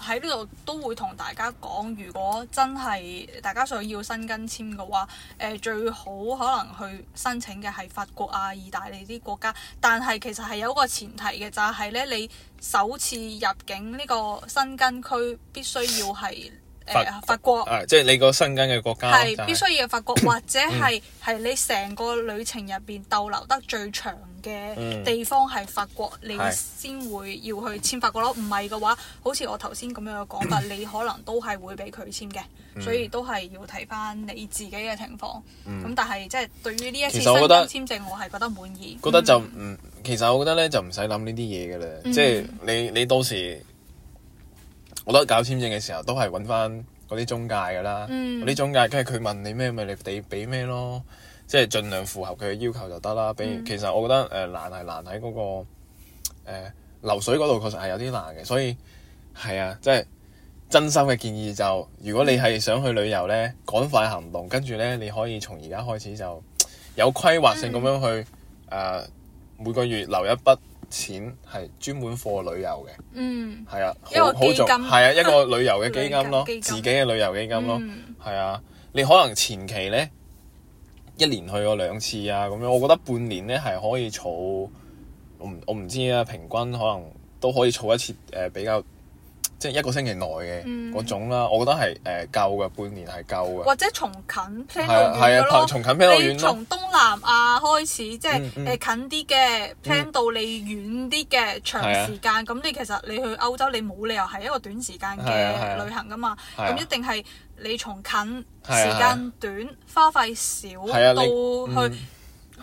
喺呢度都會同大家講，如果真係大家想要申根簽嘅話，誒、呃、最好可能去申請嘅係法國啊、意大利啲國家，但係其實係有個前提嘅，就係、是、呢：你首次入境呢個申根區必須要係。係啊，法國，即係你個申根嘅國家，係必須要法國，或者係係你成個旅程入邊逗留得最長嘅地方係法國，你先會要去簽法國咯。唔係嘅話，好似我頭先咁樣嘅講法，你可能都係會俾佢簽嘅，所以都係要睇翻你自己嘅情況。咁但係即係對於呢一次申根簽證，我係覺得滿意。覺得就唔，其實我覺得咧就唔使諗呢啲嘢嘅啦，即係你你到時。我覺得搞簽證嘅時候都係揾翻嗰啲中介噶啦，嗰啲、嗯、中介，跟住佢問你咩，咪你哋俾咩咯，即係盡量符合佢嘅要求就得啦。比如、嗯、其實我覺得誒、呃、難係難喺嗰、嗰個、呃、流水嗰度，確實係有啲難嘅。所以係啊，即係真心嘅建議就，如果你係想去旅遊呢，嗯、趕快行動，跟住呢，你可以從而家開始就有規劃性咁樣去誒、嗯呃、每個月留一筆錢係專門貨旅遊嘅，嗯，係啊的，好，一個基金，係啊重，一個旅遊嘅基金咯，金自己嘅旅遊基金咯，係啊、嗯，你可能前期呢，一年去過兩次啊，咁樣，我覺得半年呢，係可以儲，我唔知啊，平均可能都可以儲一次誒、呃，比較。即係一個星期內嘅嗰種啦，我覺得係誒夠嘅，半年係夠嘅。或者從近 plan 到遠嘅咯。你從東南亞開始，即係誒近啲嘅 plan 到你遠啲嘅長時間。咁你其實你去歐洲，你冇理由係一個短時間嘅旅行噶嘛。咁一定係你從近時間短、花費少到去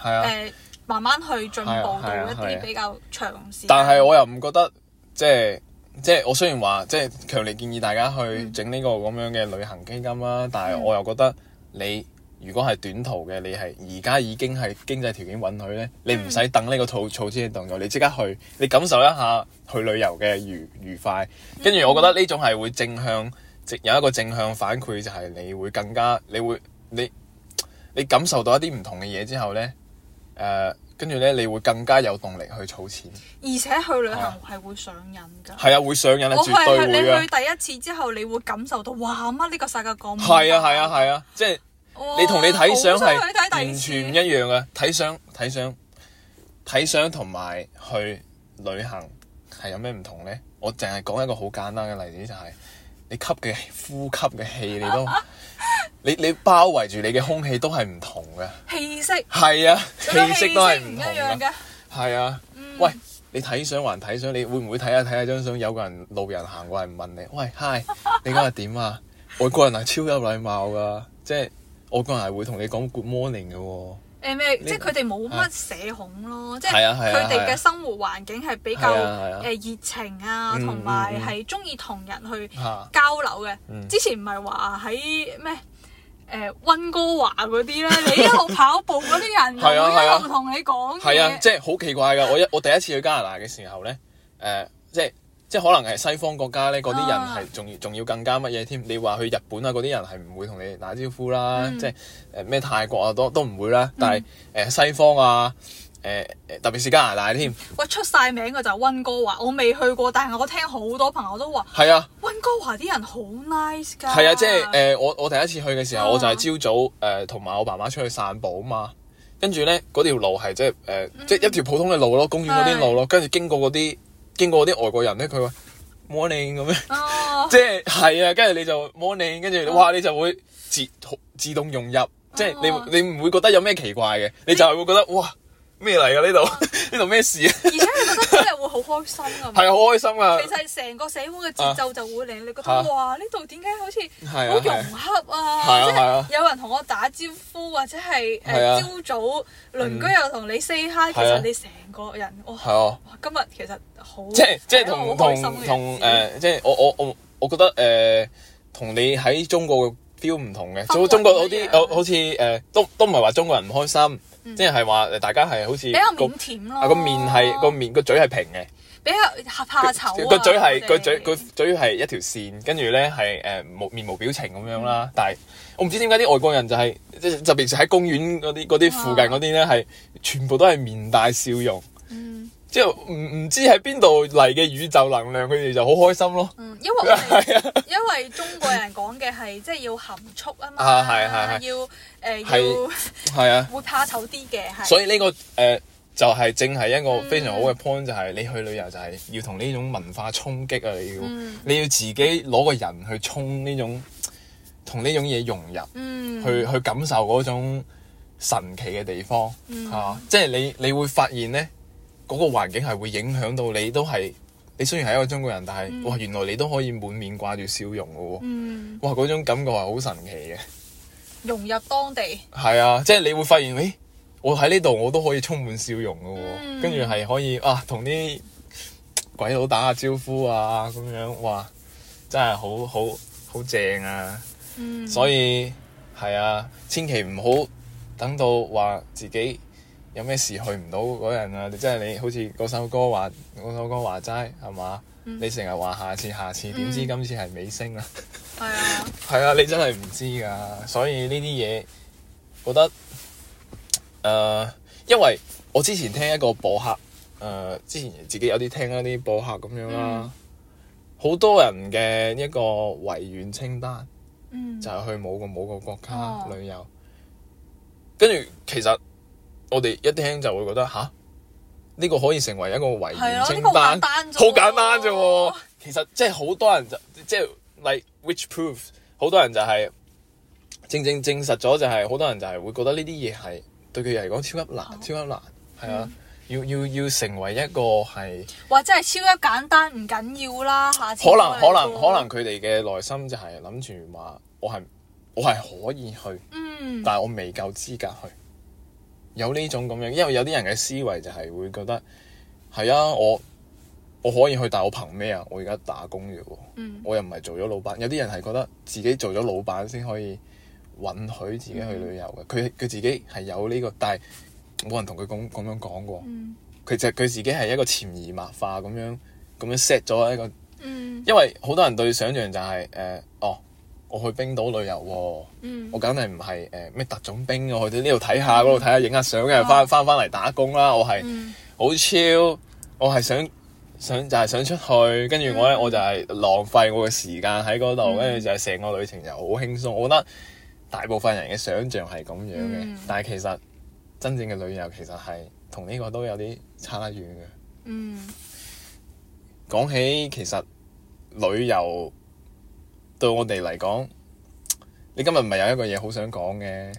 誒慢慢去進步到一啲比較長時間。但係我又唔覺得即係。即係我雖然話，即係強烈建議大家去整呢個咁樣嘅旅行基金啦，嗯、但係我又覺得你如果係短途嘅，你係而家已經係經濟條件允許咧，你唔使等呢個儲儲錢嘅動作，你即刻去，你感受一下去旅遊嘅愉愉快。跟住我覺得呢種係會正向，有一個正向反饋，就係你會更加，你會你你感受到一啲唔同嘅嘢之後咧，誒、呃。跟住呢，你會更加有動力去儲錢，而且去旅行係會上癮㗎。係啊，啊，會上癮，絕對會啊我係、哦啊、你去第一次之後，你會感受到哇！乜呢、這個世界咁係啊係啊係啊！即係、哦、你同你睇相係完全唔一樣嘅。睇相睇相睇相同埋去旅行係有咩唔同呢？我淨係講一個好簡單嘅例子，就係、是、你吸嘅呼吸嘅氣，你都。 你你包圍住你嘅空氣都係唔同嘅氣息，係啊，氣息都係唔一樣嘅，係啊。喂，你睇相還睇相，你會唔會睇下睇下張相？有個人路人行過嚟問你：喂，hi，你今日點啊？外國人係超有禮貌㗎，即係外國人係會同你講 Good morning 嘅喎。誒咩？即係佢哋冇乜社恐咯，即係佢哋嘅生活環境係比較誒熱情啊，同埋係中意同人去交流嘅。之前唔係話喺咩？.誒，溫、呃、哥華嗰啲咧， 你一路跑步嗰啲人一 一，一路同你講，係啊，即係好奇怪噶。我一我第一次去加拿大嘅時候咧，誒、呃，即係即係可能係西方國家咧，嗰啲人係仲仲要更加乜嘢添？你話去日本啊，嗰啲人係唔會同你打招呼啦，嗯、即係誒咩泰國啊，都都唔會啦。但係誒、嗯呃、西方啊。誒誒，特別是加拿大添，喂，出晒名嘅就溫、是、哥華。我未去過，但係我聽好多朋友都話係啊。溫哥華啲人好 nice 噶，係啊，即係誒、呃，我我第一次去嘅時候，啊、我就係朝早誒，同、呃、埋我爸爸出去散步啊嘛。跟住咧，嗰條路係即係誒，呃嗯、即係一條普通嘅路咯，公園嗰啲路咯。跟住是經過嗰啲經過嗰啲外國人咧，佢話 morning 咁樣，即係係啊。跟住、啊、你就 morning，跟住、啊、哇，你就會自自動融入，即係、啊、你你唔會覺得有咩奇怪嘅。你就係會覺得你哇，咩嚟㗎呢度？呢度咩事啊？而且你覺得真係會好開心啊！係好開心啊！其實成個社會嘅節奏就會令你覺得哇！呢度點解好似好融洽啊？即係有人同我打招呼，或者係誒朝早鄰居又同你 say hi。其實你成個人我係啊！今日其實好即係即係同同同誒，即係我我我我覺得誒，同你喺中國嘅 feel 唔同嘅。做中國有啲好似誒，都都唔係話中國人唔開心。即係話，大家係好似比較腼腆咯。啊，個面係是個、啊、面，個嘴係平嘅，比較怕醜。個嘴係是個嘴，個嘴係一條線，跟住咧係誒無面無表情咁樣啦。嗯、但係我唔知點解啲外國人就係、即係，特別是喺公園嗰啲嗰啲附近嗰啲咧，係、啊、全部都係面帶笑容。嗯。即係唔唔知喺邊度嚟嘅宇宙能量，佢哋就好開心咯。嗯，因為因為中國人講嘅係即係要含蓄啊嘛啊，係係係要誒，係係啊，會怕醜啲嘅。所以呢個誒就係正係一個非常好嘅 point，就係你去旅遊就係要同呢種文化衝擊啊，你要你要自己攞個人去衝呢種同呢種嘢融入，去去感受嗰種神奇嘅地方吓，即係你你會發現呢。嗰個環境係會影響到你，都係你雖然係一個中國人，但係、嗯、哇，原來你都可以滿面掛住笑容嘅喎。嗯、哇，嗰種感覺係好神奇嘅。融入當地係啊，即係你會發現，誒、欸，我喺呢度我都可以充滿笑容嘅喎、嗯，跟住係可以啊，同啲鬼佬打下招呼啊，咁樣哇，真係好好好，好正啊！嗯、所以係啊，千祈唔好等到話自己。有咩事去唔到嗰人啊？你即係你好似嗰首歌話，首歌話齋係嘛？嗯、你成日話下次下次，點知今次係尾聲啊？係啊，係啊，你真係唔知㗎。所以呢啲嘢，覺得誒、呃，因為我之前聽一個播客，誒、呃，之前自己有啲聽嗰啲播客咁樣啦、啊，好、嗯、多人嘅一個遺願清單，嗯、就係去某個某個國家旅遊，跟住、嗯啊、其實。我哋一聽就會覺得吓，呢、這個可以成為一個遺願清單，好簡單啫、哦。哦對哦、其實即係好多人就即係，like which proves，好多人就係、是、正正證實咗、就是，就係好多人就係會覺得呢啲嘢係對佢哋嚟講超級難，哦、超級難，係啊，嗯、要要要成為一個係，或者係超級簡單唔緊要啦。吓，可能可能可能佢哋嘅內心就係諗住話，我係我係可以去，嗯，但係我未夠資格去。有呢種咁樣，因為有啲人嘅思維就係會覺得係啊，我我可以去，但係我憑咩啊？我而家打工嘅喎，嗯、我又唔係做咗老闆。有啲人係覺得自己做咗老闆先可以允許自己去旅遊嘅。佢佢、嗯、自己係有呢、呢個，但係冇人同佢咁咁樣講過。佢就佢自己係一個潛移默化咁樣咁樣 set 咗一個，嗯、因為好多人對想像就係、是、誒、呃、哦。我去冰島旅遊、哦，嗯、我梗定梗係唔係誒咩特種兵，我去到呢度睇下，嗰度睇下，影下相，翻翻翻嚟打工啦。我係好超，我係想想就係、是、想出去，跟住我咧、嗯、我就係浪費我嘅時間喺嗰度，跟住、嗯、就係成個旅程就好輕鬆。我覺得大部分人嘅想象係咁樣嘅，嗯、但係其實真正嘅旅遊其實係同呢個都有啲差得遠嘅。嗯，講、嗯、起其實旅遊。對我哋嚟講，你今日唔係有一個嘢好想講嘅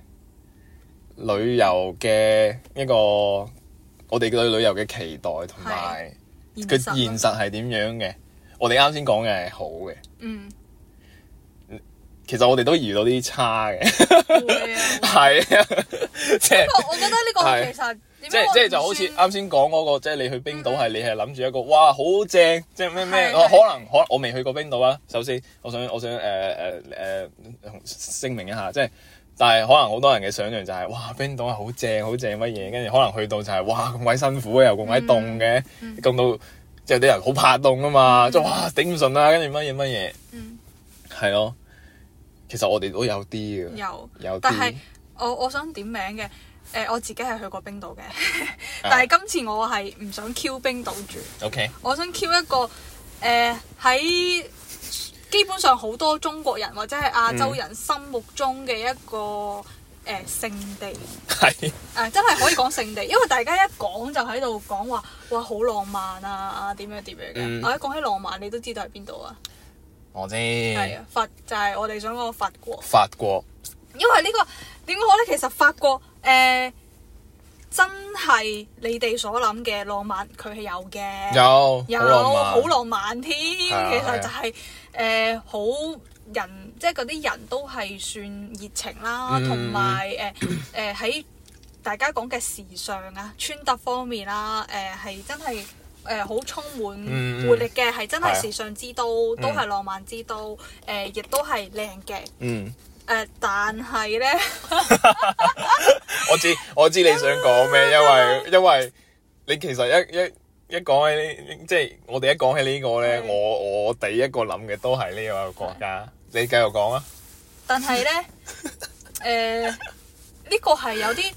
旅遊嘅一個我哋對旅遊嘅期待同埋佢現實係點樣嘅？我哋啱先講嘅係好嘅，嗯，其實我哋都遇到啲差嘅，係 啊，不過、啊 即係、我覺得呢個係其實。即即就好似啱先講嗰個，即係你去冰島係你係諗住一個哇好正，即係咩咩？可能可能我未去過冰島啊。首先，我想我想誒誒誒聲明一下，即係但係可能好多人嘅想像就係哇冰島係好正好正乜嘢，跟住可能去到就係哇咁鬼辛苦嘅，又咁鬼凍嘅，凍到即係啲人好怕凍啊嘛，即係哇頂唔順啦，跟住乜嘢乜嘢，嗯，係咯，其實我哋都有啲嘅，有有，但係我我想點名嘅。誒、呃，我自己係去過冰島嘅， 但係今次我係唔想 Q 冰島住，Okay. 我想 Q 一個誒喺、呃、基本上好多中國人或者係亞洲人心目中嘅一個誒聖、嗯呃、地，係誒 真係可以講聖地，因為大家一講就喺度講話，哇好浪漫啊，點樣點樣嘅。嗯、我一講起浪漫，你都知道喺邊度啊？我知，法就係、是、我哋想講法國，法國，因為，這個、為我呢個點講咧，其實法國。誒、呃，真係你哋所諗嘅浪漫，佢係有嘅，有，有好浪漫添。其實就係誒好人，即係嗰啲人都係算熱情啦，同埋誒誒喺大家講嘅時尚啊，穿搭方面啦，誒、呃、係真係誒好充滿活力嘅，係、嗯嗯、真係時尚之都，嗯、都係浪漫之都，誒、呃、亦都係靚嘅。嗯。誒、呃，但係咧。 我知我知你想講咩，因為因為你其實一一一講起呢，即係我哋一講起呢個咧，的我我第一個諗嘅都係呢個國家。的你繼續講啊！但係咧，誒，呢個係有啲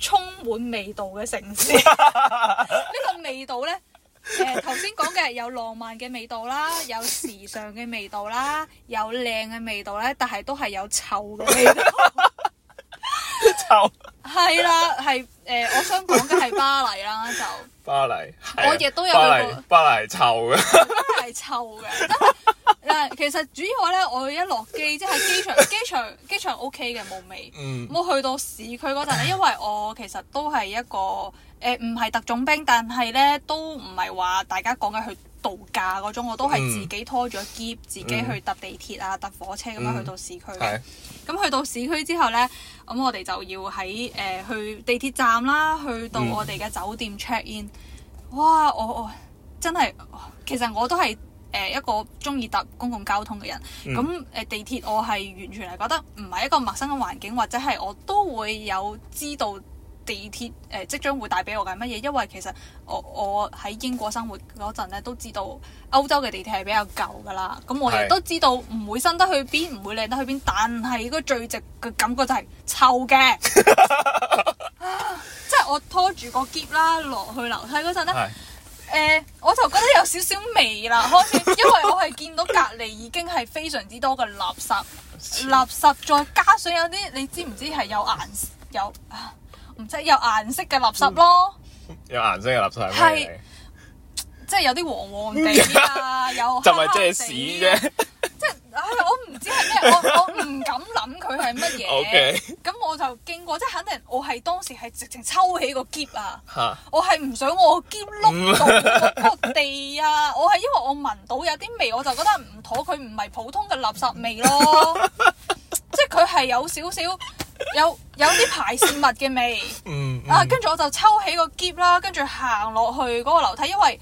充滿味道嘅城市。呢 個味道咧，誒，頭先講嘅係有浪漫嘅味道啦，有時尚嘅味道啦，有靚嘅味道咧，但係都係有臭嘅味道。 臭係啦，係誒、呃，我想講嘅係巴黎啦，就巴黎，我亦都有巴黎，巴黎臭嘅，巴黎臭嘅。但、呃、係其實主要咧，我一落機即係機場，機 場機場 O K 嘅，冇味。嗯，我去到市區嗰陣咧，因為我其實都係一個誒，唔、呃、係特種兵，但係咧都唔係話大家講嘅去度假嗰種，我都係自己拖住篋，嗯、自己去搭地鐵啊，搭火車咁樣去到市區。係咁、嗯、去到市區之後咧。咁我哋就要喺誒、呃、去地鐵站啦，去到我哋嘅酒店 check in、嗯。哇！我我真係，其實我都係誒、呃、一個鍾意搭公共交通嘅人。咁誒、嗯、地鐵我係完全係覺得唔係一個陌生嘅環境，或者係我都會有知道。地鐵誒、呃、即將會帶俾我嘅係乜嘢？因為其實我我喺英國生活嗰陣咧，都知道歐洲嘅地鐵係比較舊噶啦。咁的我亦都知道唔會新得去邊，唔會靚得去邊。但係個最直嘅感覺就係臭嘅、 啊，即係我拖住個篋啦落去樓梯嗰陣咧，誒、 呃、我就覺得有少少味啦。開始，因為我係見到隔離已經係非常之多嘅垃圾， 垃圾再加上有啲你知唔知係有顏有？有啊。唔即係有顏色嘅垃圾咯， 有顏色嘅垃圾係咩？即係有啲黃黃地啊，有就咪、啊、即係屎啫。即係、哎，我唔知係咩，我我唔敢諗佢係乜嘢。咁 我就經過，即係肯定我係當時係直情抽起個篋啊！我係唔想我個篋碌到個地啊！我係因為我聞到有啲味，我就覺得唔妥，佢唔係普通嘅垃圾味咯， 即係佢係有少少。有有啲排泄物嘅味，嗯嗯、啊，跟住我就抽起個篋啦，跟住行落去嗰個樓梯，因為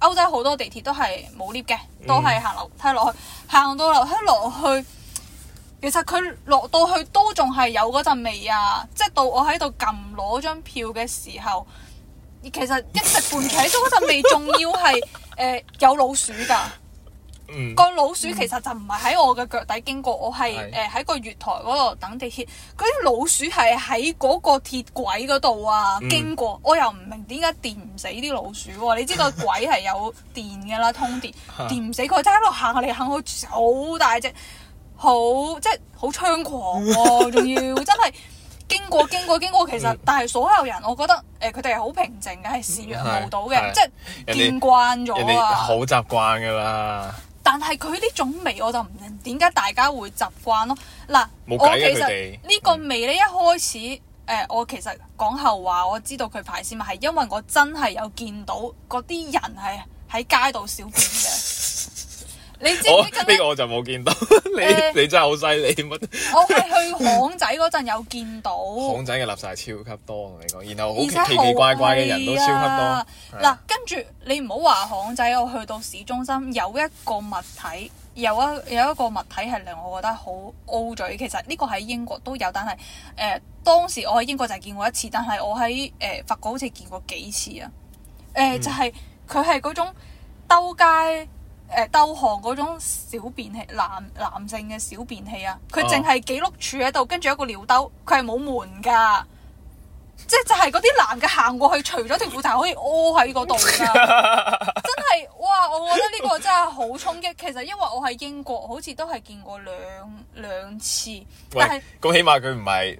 誒，歐洲好多地鐵都係冇 lift 嘅，都係行樓梯落去。行到樓梯落去，其實佢落到去都仲係有嗰陣味啊！即係到我喺度撳攞張票嘅時候，其實一直伴喺度嗰陣味，仲要係誒有老鼠噶個老鼠其實就唔係喺我嘅腳底經過，我係誒喺個月台嗰度等地鐵。嗰啲老鼠係喺嗰個鐵軌嗰度啊，經過。我又唔明點解電唔死啲老鼠喎？你知個軌係有電㗎啦，通電電唔死佢，真係喺度行嚟行去，好大隻，好即係好猖狂喎！仲要真係經過、經過、經過。其實但係所有人，我覺得誒佢哋係好平靜嘅，係視若無睹嘅，即係見慣咗啊，好習慣㗎啦。但係佢呢種味，我就唔明點解大家會習慣咯，嗱，啊、我其實呢個味呢，們一開始，誒、呃，我其實講後話、嗯、我知道佢排泄物係因為我真係有見到嗰啲人係喺街度小便嘅。 你知，呢我近個我就冇見到，呃、 你你真係好犀利，我係去巷仔嗰陣有見到。 巷仔嘅垃圾超級多，同你講，然後好奇奇，奇怪怪嘅人都超級多。嗱、啊啊，跟住你唔好話巷仔，我去到市中心有一個物體，有一有一個物體係令我覺得好 O 嘴。其實呢個喺英國都有，但係誒、呃、當時我喺英國就係見過一次，但係我喺誒、呃、法國好似見過幾次啊。誒、呃嗯、就係佢係嗰種兜街。誒竇巷嗰種小便器男男性嘅小便器啊，佢淨係幾碌柱喺度，跟住一個尿兜，佢係冇門㗎，即係就係嗰啲男嘅行過去，除咗條褲就可以屙喺嗰度㗎， 真係哇！我覺得呢個真係好衝擊。其實因為我喺英國，好似都係見過兩兩次，但係咁起碼佢唔係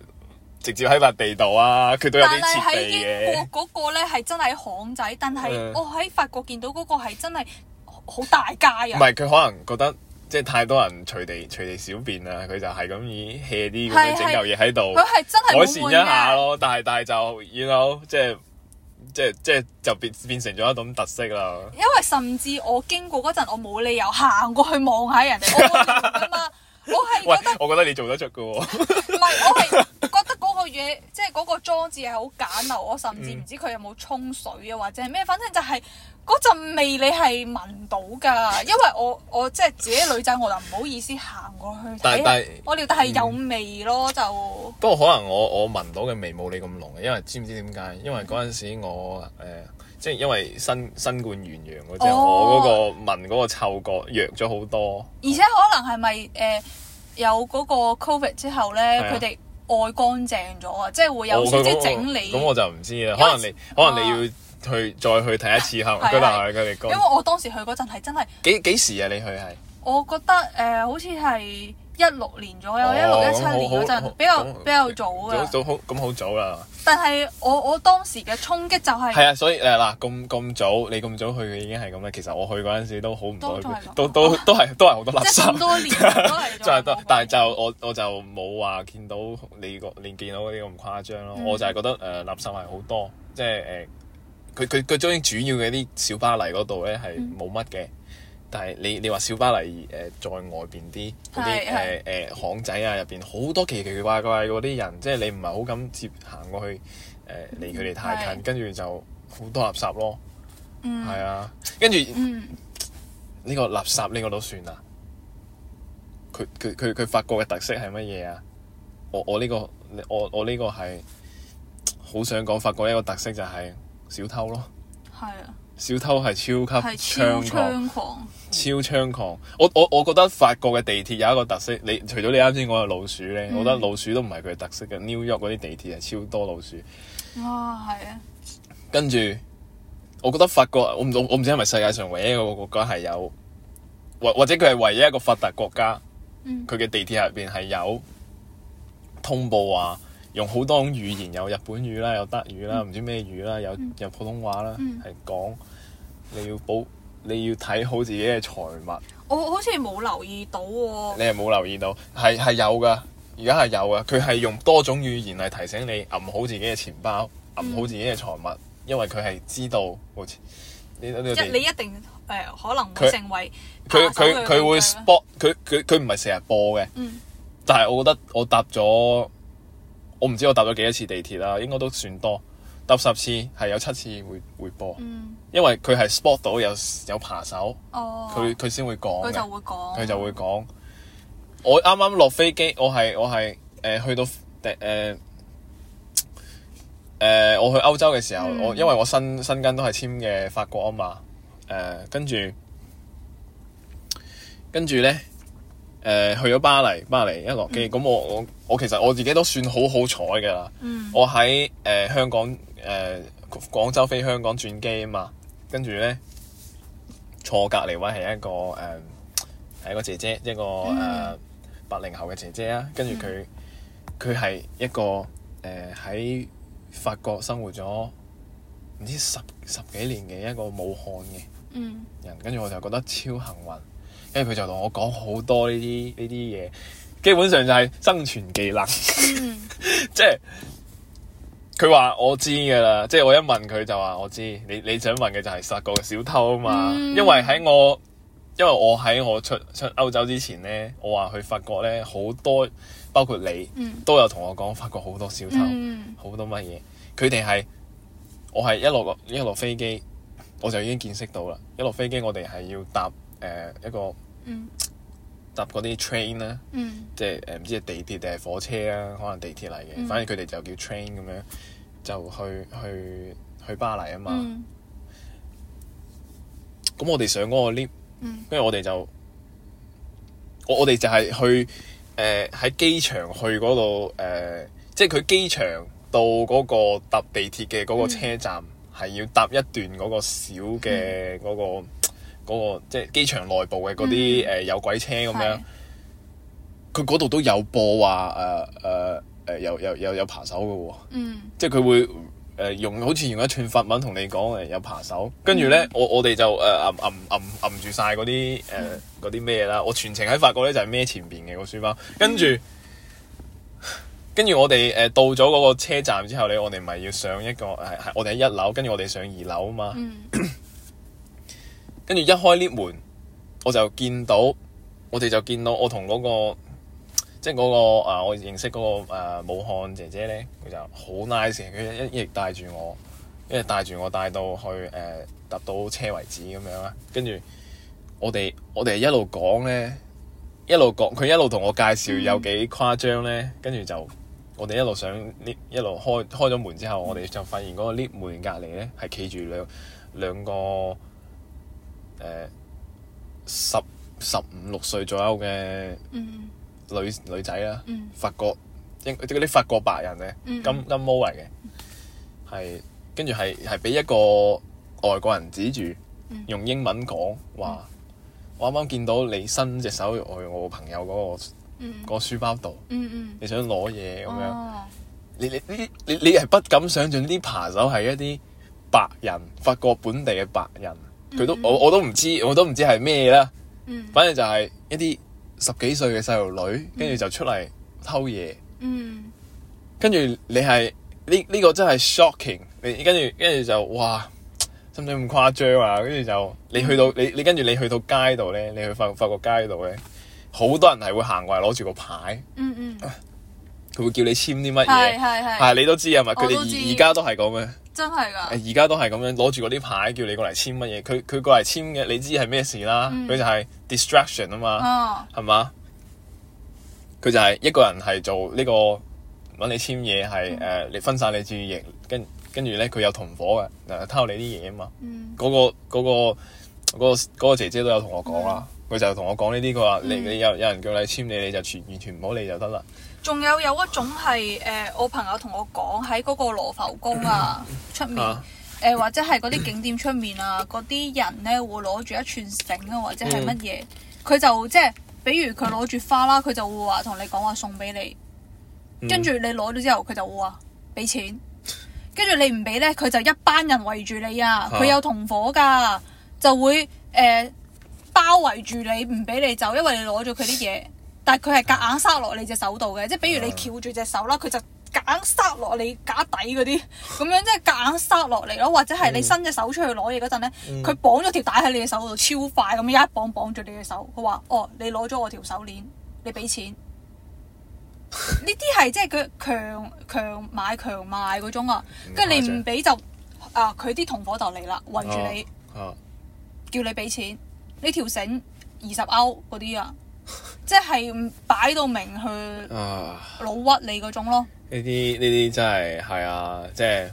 直接喺塊地度啊，但係喺英國嗰個呢係真係巷仔，但係我喺法國見到嗰個係真係。好大街啊！唔係佢可能覺得即係太多人隨地隨地小便啊，佢就係咁而 hea 啲咁樣整嚿嘢喺度，佢係真係改善一下咯。但係但係就然後 you know，即係即係即係就變變成咗一種特色啦。因為甚至我經過嗰陣，我冇理由行過去望下人哋屋嘛。 我係覺得，我覺得你做得着嘅喎。唔 係，我係覺得嗰個嘢，即係嗰個裝置係好簡陋。我甚至唔知佢有冇沖水啊，或者係咩。反正就係嗰陣味你係聞到㗎，因為我我即係自己女仔，我就唔好意思行過去睇，但係、嗯、我哋但係有味咯，就。不過可能我我聞到嘅味冇你咁濃，因為知唔知點解？因為嗰陣時我誒。呃即係因為新新冠完陽嗰陣我嗰個聞嗰個嗅覺弱咗好多。而且可能係咪誒有嗰個 Covid 之後咧，佢哋愛乾淨咗啊？即係會有少少整理。咁、哦、我，我就唔知啦，Yes. 可能你可能你要去再去睇一次口科大夫佢哋。因為我當時去嗰陣係真係幾幾時啊？你去係？我覺得誒、呃，好似係。一六年左右，一六一七年嗰陣比較 okay. 比較早嘅，早好咁好早啦。但係我我當時嘅衝擊就係、是、係啊，所以誒嗱，咁、呃、咁早，你咁早去嘅已經係咁嘅。其實我去嗰陣時都，都好唔多，都都 都係都係好多垃圾，即係咁多年，真係多。但係就我我就冇話見到你個你見到嗰啲咁誇張咯。嗯、我就係覺得誒、呃、垃圾係好多，即係誒佢佢佢中意主要嘅啲小巴黎嗰度咧係冇乜嘅。嗯但係你你話小巴黎誒、呃、在外邊啲嗰啲誒誒巷仔啊，入邊好多奇奇怪怪嗰啲人，即係你唔係好敢接行過去誒、呃、離佢哋太近，跟住是就好多垃圾咯。嗯，係啊，跟住呢個垃圾呢、這個都算啊。佢佢佢佢法國嘅特色係乜嘢啊？我我呢、這個我我呢個係好想講法國一個特色就係小偷咯。係啊。小偷係超級猖狂，超猖狂。狂嗯、我我我覺得法國嘅地鐵有一個特色，你除咗你啱先講嘅老鼠咧，嗯、我覺得老鼠都唔係佢特色嘅。New York 嗰啲地鐵係超多老鼠。哇，係啊！跟住，我覺得法國，我唔我唔知係咪世界上唯一一個國家係有，或或者佢係唯一一個發達國家，佢嘅地鐵入邊係有通報啊。用好多種語言，有日本語啦，有德語啦，唔知咩語啦，有有普通話啦，係講你要保你要睇好自己嘅財物。我好似冇留意到喎。你係冇留意到，係係有㗎，而家係有㗎。佢係用多種語言嚟提醒你揞好自己嘅錢包，揞好自己嘅財物，因為佢係知道好似你你一你一定誒可能佢成為佢佢佢會 spot 佢佢佢唔係成日播嘅，但係我覺得我搭咗。我唔知我搭咗幾多次地鐵啦，應該都算多，搭十次係有七次會會播，嗯、因為佢係 spot 到有有扒手，佢佢先會講，佢就會講。會嗯、我啱啱落飛機，我係我係誒、呃、去到誒誒、呃呃、我去歐洲嘅時候，嗯、我因為我申申根都係簽嘅法國啊嘛，誒、呃、跟住跟住咧誒去咗巴黎，巴黎一落機咁我、嗯、我。我我其實我自己都算好好彩㗎喇。嗯、我喺誒、呃、香港誒、呃、廣州飛香港轉機啊嘛，跟住咧坐隔離位係一個誒係、呃、一個姐姐，一個誒八零後嘅姐姐啊。跟住佢佢係一個誒喺、呃、法國生活咗唔知十十幾年嘅一個武漢嘅人，跟住、嗯、我就覺得超幸運，跟住佢就同我講好多呢啲呢啲嘢。基本上就係生存技能、 就是，即係佢話我知噶啦，即係我一問佢就話我知，你你想問嘅就係殺個小偷啊嘛，嗯、因為喺我，因為我喺我出出歐洲之前呢，我話去法國呢，好多，包括你、嗯、都有同我講，法國好多小偷，好、嗯、多乜嘢，佢哋係我係一路落一路飛機，我就已經見識到啦，一路飛機我哋係要搭誒、呃、一個。嗯搭嗰啲 train 啦、嗯，即係誒唔知係地鐵定係火車啦，可能地鐵嚟嘅，嗯、反正佢哋就叫 train 咁樣，就去去去，去，去巴黎啊嘛。咁、嗯、我哋上嗰個 lift，跟住我哋就我我哋就係去誒喺機場去嗰度誒，即係佢機場到嗰個搭地鐵嘅嗰個車站係、嗯、要搭一段嗰個小嘅嗰、嗰個。嗯嗯嗰、那個即係機場內部嘅嗰啲誒有鬼車咁樣，佢嗰度都有播話誒誒誒有有有有扒手嘅喎、哦，嗯，即係佢會誒用、呃、好似用一串法文同你講誒有扒手，跟住咧、嗯、我我哋就誒住晒嗰啲誒啲咩啦，嗯、我全程喺法國咧就係咩前邊嘅個書包，跟住、嗯、跟住我哋誒到咗嗰個車站之後咧，我哋咪要上一個我哋喺一樓，跟住我哋上二樓啊嘛。 跟住一開 𨋢 門，我就見到我哋就見到我同嗰、那個即係嗰、那個啊，我認識嗰、那個、呃、武漢姐姐咧，佢就好 nice 佢一直帶住我，一直帶住我帶到去誒搭、呃、到車為止咁樣啦。跟住我哋我哋一路講咧，一路講，佢一路同我介紹有幾誇張咧。跟住、嗯、就我哋一路上一路開開咗門之後，嗯、我哋就發現嗰個門 𨋢 門隔離咧係企住兩兩個。誒十十五六歲左右嘅女、mm hmm. 女，女仔啦，mm hmm. 法國英即嗰啲法國白人咧、mm hmm.，金金毛嚟嘅，係跟住係係俾一個外國人指住，mm hmm. 用英文講話，我啱啱見到你伸隻手入去我朋友嗰、嗰個嗰、mm hmm. 書包度、mm hmm.，你想攞嘢咁樣，你你呢你你係不敢想象呢啲扒手係一啲白人法國本地嘅白人。佢、嗯嗯、都我我都唔知，我都唔知係咩啦。嗯、反正就係一啲十幾歲嘅細路女、嗯跟這個 cking，跟住就出嚟偷嘢。嗯，跟住你係呢呢個真係 shocking。你跟住跟住就哇，有冇咁誇張啊？跟住就你去到你你跟住你去到街度咧，你去發發覺街度咧，好多人係會行過嚟攞住個牌。嗯嗯，佢、啊、會叫你簽啲乜嘢？係係係，你都知係咪？佢哋而家都係咁嘅？真係噶，而家都係咁樣攞住嗰啲牌叫你過嚟簽乜嘢，佢佢過嚟簽嘅，你知係咩事啦？佢、嗯、就係 distraction 啊嘛，係嘛、啊？佢就係一個人係做呢、呢個搵你簽嘢，係誒你分散你注意力，跟跟住咧佢有同伙噶，偷你啲嘢啊嘛。嗰、嗯嗰個、嗰個、嗰個、嗰個姐姐都有同我講啦，佢、嗯、就同我講呢啲，佢話你、嗯、你有有人叫你簽你，你就全完全唔好理就得啦。仲有有一種係誒、呃，我朋友同我講喺嗰個羅浮宮啊出面，誒、 呃、或者係嗰啲景點出面啊，嗰啲 人咧會攞住一串繩啊，或者係乜嘢，佢、嗯、就即係，比如佢攞住花啦，佢就會話同你講話送俾你，跟住、嗯、你攞咗之後，佢就會話俾錢，跟住你唔俾咧，佢就一班人圍住你啊，佢 有同伙噶，就會誒、呃、包圍住你，唔俾你走，因為你攞咗佢啲嘢。 但係佢係夾硬塞落你隻手度嘅，即係比如你翹住隻手啦，佢就夾硬塞落你架底嗰啲，咁樣即係夾硬塞落嚟咯。 或者係你伸隻手出去攞嘢嗰陣咧，佢 綁咗條帶喺你隻手度，超快咁樣一綁綁住你隻手，佢話：哦，你攞咗我條手鏈，你俾錢。呢啲係即係佢強強買強賣嗰種 啊，跟住你唔俾就啊，佢啲同伙就嚟啦，圍住你，哦哦、叫你俾錢。呢、這、條、個、繩二十歐嗰啲啊！即係唔擺到明去，啊、老屈你嗰種咯。呢啲呢啲真係係啊，即係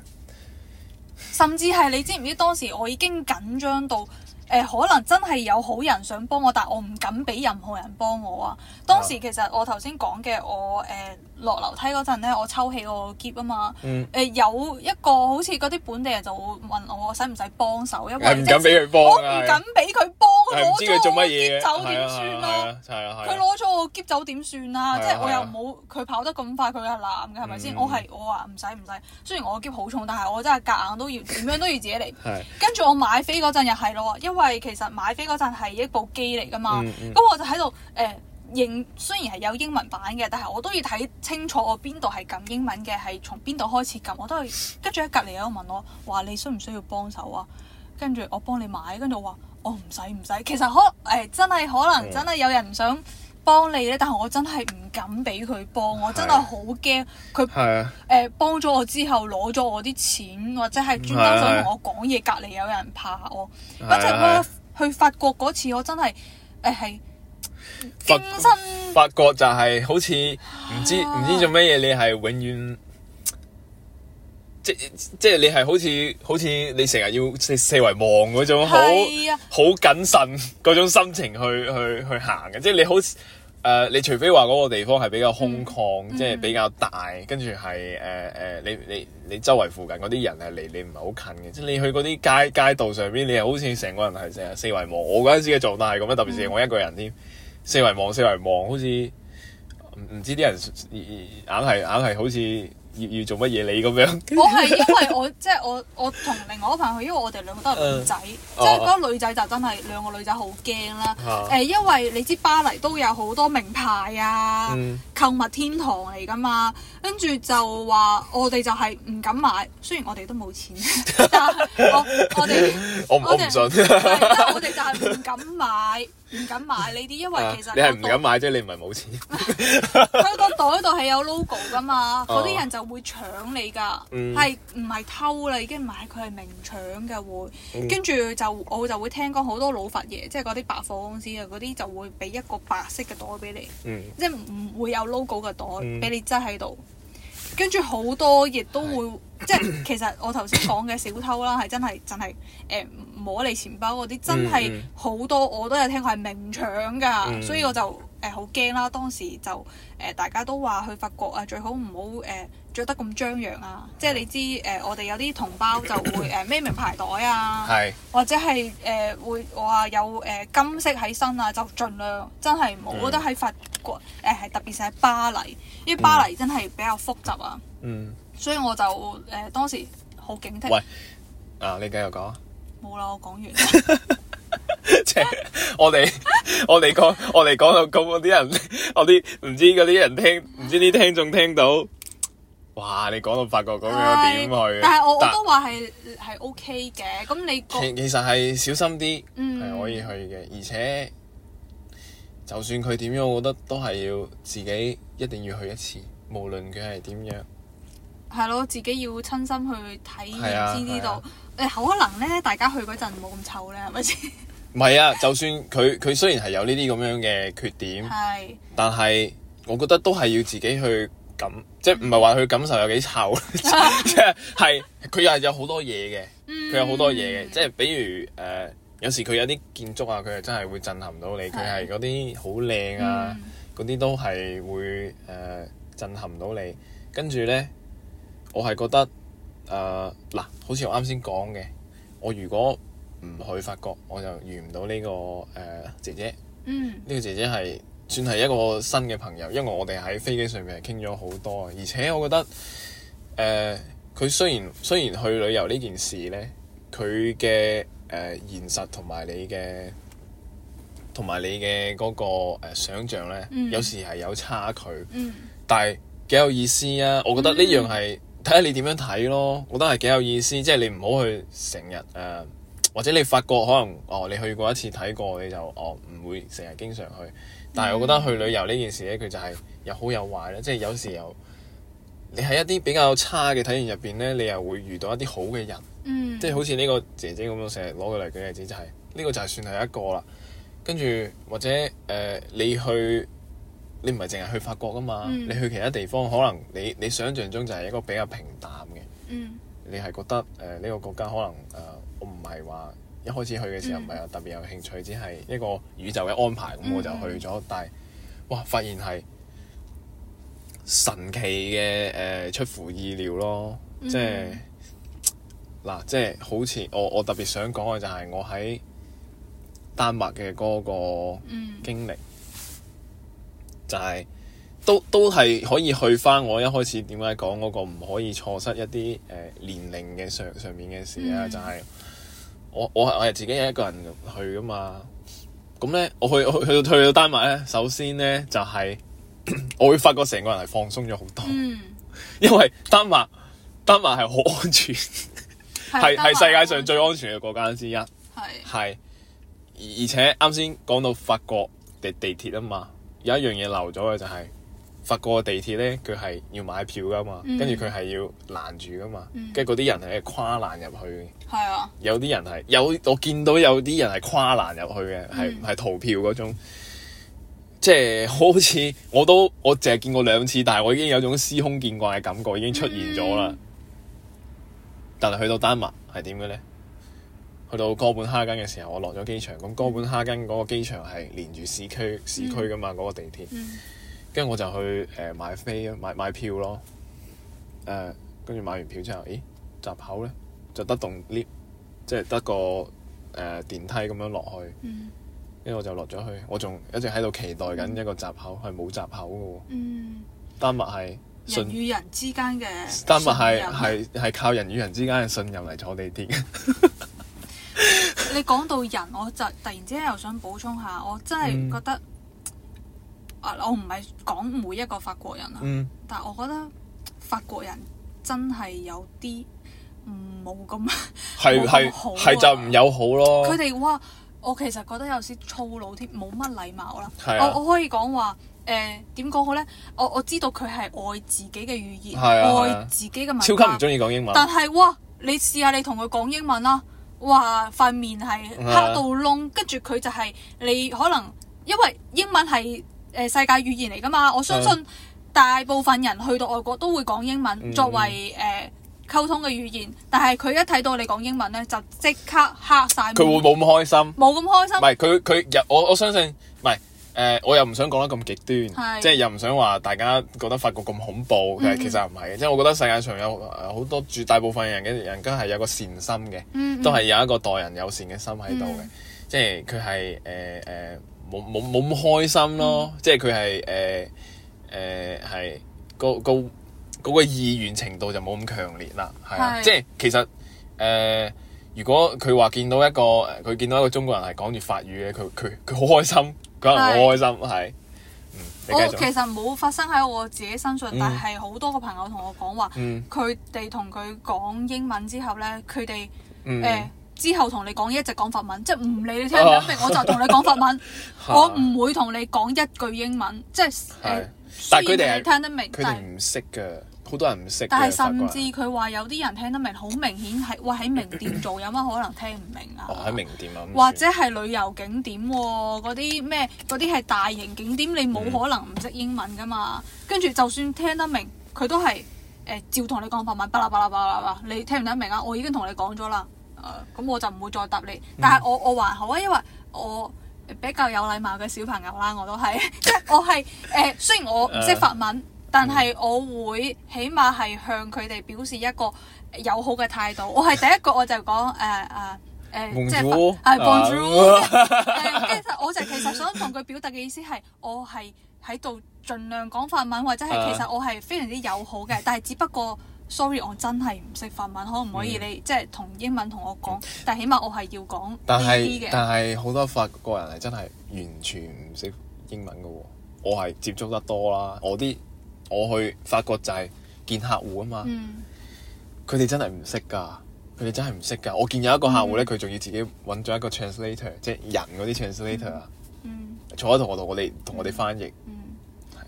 甚至係你知唔知？當時我已經緊張到、呃、可能真係有好人想幫我，但我唔敢俾任何人幫我啊。當時其實我頭先講嘅，我誒。呃落樓梯嗰陣咧，我抽起我個喼啊嘛，誒有一個好似嗰啲本地人就會問我使唔使幫手，因為唔敢俾佢幫，我唔敢俾佢幫，佢攞咗我喼走點算啊？佢攞咗我喼走點算啊？即係我又冇佢跑得咁快，佢係男嘅係咪先？我係我話唔使唔使，雖然我喼好重，但係我真係夾硬都要點樣都要自己嚟。跟住我買飛嗰陣又係咯，因為其實買飛嗰陣係一部機嚟㗎嘛，咁我就喺度誒。應雖然係有英文版嘅，但係我都要睇清楚我邊度係撳英文嘅，係從邊度開始撳，我都係跟住喺隔籬有個問我話，你需唔需要幫手啊？跟住我幫你買，跟住我話我唔使唔使。其實可誒、欸、真係可能真係有人想幫你咧，好但係我真係唔敢俾佢幫，我真係好驚佢誒幫咗我之後攞咗我啲錢，或者係專登想同我講嘢。隔籬、啊、有人怕我，反正我去法國嗰次我真係誒係。欸法法國就係好似唔知唔知做乜嘢，你係永遠 即即係你係好似好似你成日要四四圍望嗰種，好好、啊、謹慎嗰種心情去去去行嘅。即係你好誒、呃，你除非話嗰個地方係比較空曠，即係、嗯嗯、比較大，跟住係誒誒，你你你，你周圍附近嗰啲人係離你唔係好近嘅。即、就、係、是、你去嗰啲街街道上邊，你係好似成個人係成日四圍望。我嗰陣時嘅狀態係咁樣，特別是我一個人添。四圍望，四圍望，好似唔知啲人硬係硬係好似要要做乜嘢你咁樣？我係因為我即係、就是、我我同另外一朋友，因為我哋兩個都係女仔，嗯哦、即係嗰個女仔就真係兩個女仔好驚啦。誒、啊，因為你知巴黎都有好多名牌啊，嗯、購物天堂嚟㗎嘛，跟住就話我哋就係唔敢買，雖然我哋都冇錢，我、嗯、 我哋我唔我唔信，我哋就係唔敢買。唔敢買呢啲，因為其實、啊、你係唔敢買啫， 你唔係冇錢。佢 個 袋度係有 logo 噶嘛，嗰啲、哦、人就會搶你噶，係唔係偷啦？已經唔買佢係明搶嘅會，跟住、嗯、就我就會聽講好多老佛爺，即係嗰啲百貨公司啊，嗰啲就會俾一個白色嘅袋俾你，嗯、即係唔會有 logo 嘅袋俾、嗯、你執喺度。跟住好多亦都會，是的 即係其實我頭先講嘅小偷啦，係 真係真係誒摸你錢包嗰啲，嗯、真係好多我都有聽過係明搶㗎，嗯、所以我就。誒，好驚啦！當時就誒、呃，大家都話去法國啊，最好唔好誒着得咁張揚啊。即係你知誒、呃，我哋有啲同胞就會誒孭名牌袋啊，是或者係誒、呃、會話有誒、呃、金色喺身啊，就盡量真係唔好喺法國誒，係、嗯呃、特別是喺巴黎，因為巴黎真係比較複雜啊。嗯。所以我就誒、呃、當時好警惕。喂，啊，你繼續又講？冇啦，我講完。 我哋我哋講我哋講到咁，我啲人我啲唔知嗰啲人聽，唔知啲聽眾聽到，哇！你講到發覺咁樣點去？但係我但我都話係係 O K 嘅。咁、okay、你、那個、其其實係小心啲，係可以去嘅。嗯、而且就算佢點樣，我覺得都係要自己一定要去一次，無論佢係點樣。係咯，自己要親身去睇。驗、啊、知呢度。誒、啊，可能咧，大家去嗰陣冇咁臭咧，係咪先？唔係啊，就算佢佢雖然係有呢啲咁樣嘅缺點，是但係我覺得都係要自己去感，即係唔係話佢感受有幾臭，即係佢又係有好多嘢嘅，佢、嗯、有好多嘢嘅，即係比如誒、呃、有時佢有啲建築啊，佢係真係會震撼到你，佢係嗰啲好靚啊，嗰啲、嗯、都係會誒、呃、震撼到你。跟住咧，我係覺得誒嗱、呃，好似我啱先講嘅，我如果唔去法國，我就遇唔到呢、這個誒、呃、姐姐。嗯，呢個姐姐係算係一個新嘅朋友，因為我哋喺飛機上面係傾咗好多。而且我覺得誒，佢、呃、雖然雖然去旅遊呢件事呢，佢嘅誒現實同埋你嘅同埋你嘅嗰個想像呢，mm. 有時係有差距。Mm. 但係幾有意思啊！我覺得呢樣係睇下你點樣睇咯。我覺得係幾有意思，即、就、係、是、你唔好去成日誒。呃或者你發覺可能哦，你去過一次睇過，你就哦唔會成日經常去。但係我覺得去旅遊呢件事咧，佢就係有好有壞啦。即係有時候有你喺一啲比較差嘅體驗入邊呢，你又會遇到一啲好嘅人，嗯、即係好似呢個姐姐咁樣，成日攞佢嚟舉例子，就係、是、呢、呢個就係算係一個啦。跟住或者誒、呃，你去你唔係淨係去法國㗎嘛？嗯、你去其他地方，可能你你想像中就係一個比較平淡嘅。嗯、你係覺得誒呢、呃呢個國家可能、呃唔係話一開始去嘅時候唔係特別有興趣，mm hmm. 只係一個宇宙嘅安排，咁我就去咗。Mm hmm. 但係哇，發現係神奇嘅，誒、呃、出乎意料咯。即係嗱、mm hmm.，即係好似我我特別想講嘅就係我喺丹麥嘅嗰個經歷，mm hmm. 就係、是、都都係可以去翻。我一開始點解講嗰個唔可以錯失一啲誒、呃、年齡嘅上上面嘅事啊？Mm hmm. 就係、是。我我係我係自己一個人去㗎嘛，咁咧我去我去去到丹麥咧，首先咧就係、是，我會發覺成個人係放鬆咗好多，嗯、因為丹麥丹麥係好安全，係係、嗯、 世界上最安全嘅國家之一，係、嗯，而且啱先講到法國地地鐵啊嘛，有一樣嘢漏咗嘅就係、是。發過地鐵呢，佢係要買票噶嘛，跟、嗯、住佢係要攔住噶嘛，跟住嗰啲人係跨欄入去。係啊，有啲人係有我見到有啲人係跨欄入去嘅，係係、嗯、逃票嗰種，即係好似我都我淨係見過兩次，但係我已經有種司空見慣嘅感覺已經出現咗啦。嗯、但係去到丹麥係點嘅呢？去到哥本哈根嘅時候，我落咗機場，咁哥本哈根嗰個機場係連住市區市區噶嘛，嗰、嗰個地鐵。嗯嗯跟住我就去誒買飛咯，買票買，買票咯。誒、呃，跟住買完票之後，咦，閘口咧就得棟 lift，即係得個誒、呃、電梯咁樣落去。跟住、嗯、我就落咗去，我仲一直喺度期待緊一個閘口，係冇閘口嘅。嗯，嗯丹麥係人與人之間嘅信任。丹麥係係係靠人與人之間嘅信任嚟坐地鐵。 你講到人，我就突然之間又想補充下，我真係覺得。嗯我唔係講每一個法國人啊，嗯、但係我覺得法國人真係有啲冇咁係係係就唔友好咯。佢哋哇，我其實覺得有少粗魯啲，冇乜禮貌啦。啊、我我可以講話誒點講好咧？我我知道佢係愛自己嘅語言，啊啊、愛自己嘅文、啊，超級唔中意講英文。但係哇，你試下你同佢講英文啦，哇！塊面係黑到燶，跟住佢就係你可能因為英文係。誒世界語言嚟㗎嘛，我相信大部分人去到外國都會講英文，嗯嗯，作為誒、呃、溝通嘅語言，但係佢一睇到你講英文咧，就即刻黑晒。佢會冇咁開心，冇咁開心。唔係佢佢，我我相信，唔係誒，我又唔想講得咁極端，即係是又唔想話大家覺得法國咁恐怖，其實唔係嘅，即係、嗯嗯、我覺得世界上有好多絕大部分人嘅人，都係有個善心嘅，嗯嗯都係有一個待人友善嘅心喺度嘅，即係佢係誒誒。冇冇冇咁開心咯，嗯、即係佢係誒誒係個個嗰個意願程度就冇咁強烈啦，係、啊、是即係其實誒、呃，如果佢話見到一個佢見到一個中國人係講住法語嘅，佢佢佢好開心，嗰是人好開心，係。我、嗯哦、其實冇發生喺我自己身上，嗯、但係好多個朋友同我講話，佢哋同佢講英文之後咧，佢哋誒。嗯嗯之後同你講，一直講法文，即係唔理你聽唔聽明， 我就同你講法文。 我唔會同你講一句英文，即係誒，但係佢哋聽得明，佢哋唔識嘅，好是多人唔識，但係甚至佢話有啲人聽得明，好明顯係喂喺名店做，有乜可能聽唔明啊？喺、哦、名店啊，或者係旅遊景點嗰啲咩嗰啲係大型景點，你冇可能唔識英文噶嘛？嗯、跟住就算聽得明，佢都係誒、欸、照同你講法文，巴拉巴拉巴拉你聽唔聽得明啊？我已經同你講咗啦。咁我就唔會再答你，但係我我還好啊，因為我比較有禮貌嘅小朋友啦，我都係，即係我係誒、呃，雖然我唔識法文，呃、但係我會起碼係向佢哋表示一個友好嘅態度。我係第一個我就講誒誒誒，即係係 Bonjour，其實我就其實想同佢表達嘅意思係，我係喺度盡量講法文，或者係其實我係非常之友好嘅，嗯、但係只不過。Sorry，我真係唔識法文，可唔可以你、嗯、即係同英文同我講？但起碼我係要講啲嘅。但係好多法國人係真係完全唔識英文嘅喎。我係接觸得多啦，我啲我去法國就係見客戶啊嘛。佢哋、嗯、真係唔識㗎，佢哋真係唔識㗎。我見有一個客戶咧，佢仲、嗯、要自己揾咗一個 translator，即係人嗰啲 translator 啊、嗯，嗯、坐喺度我同我哋同我哋翻譯。嗯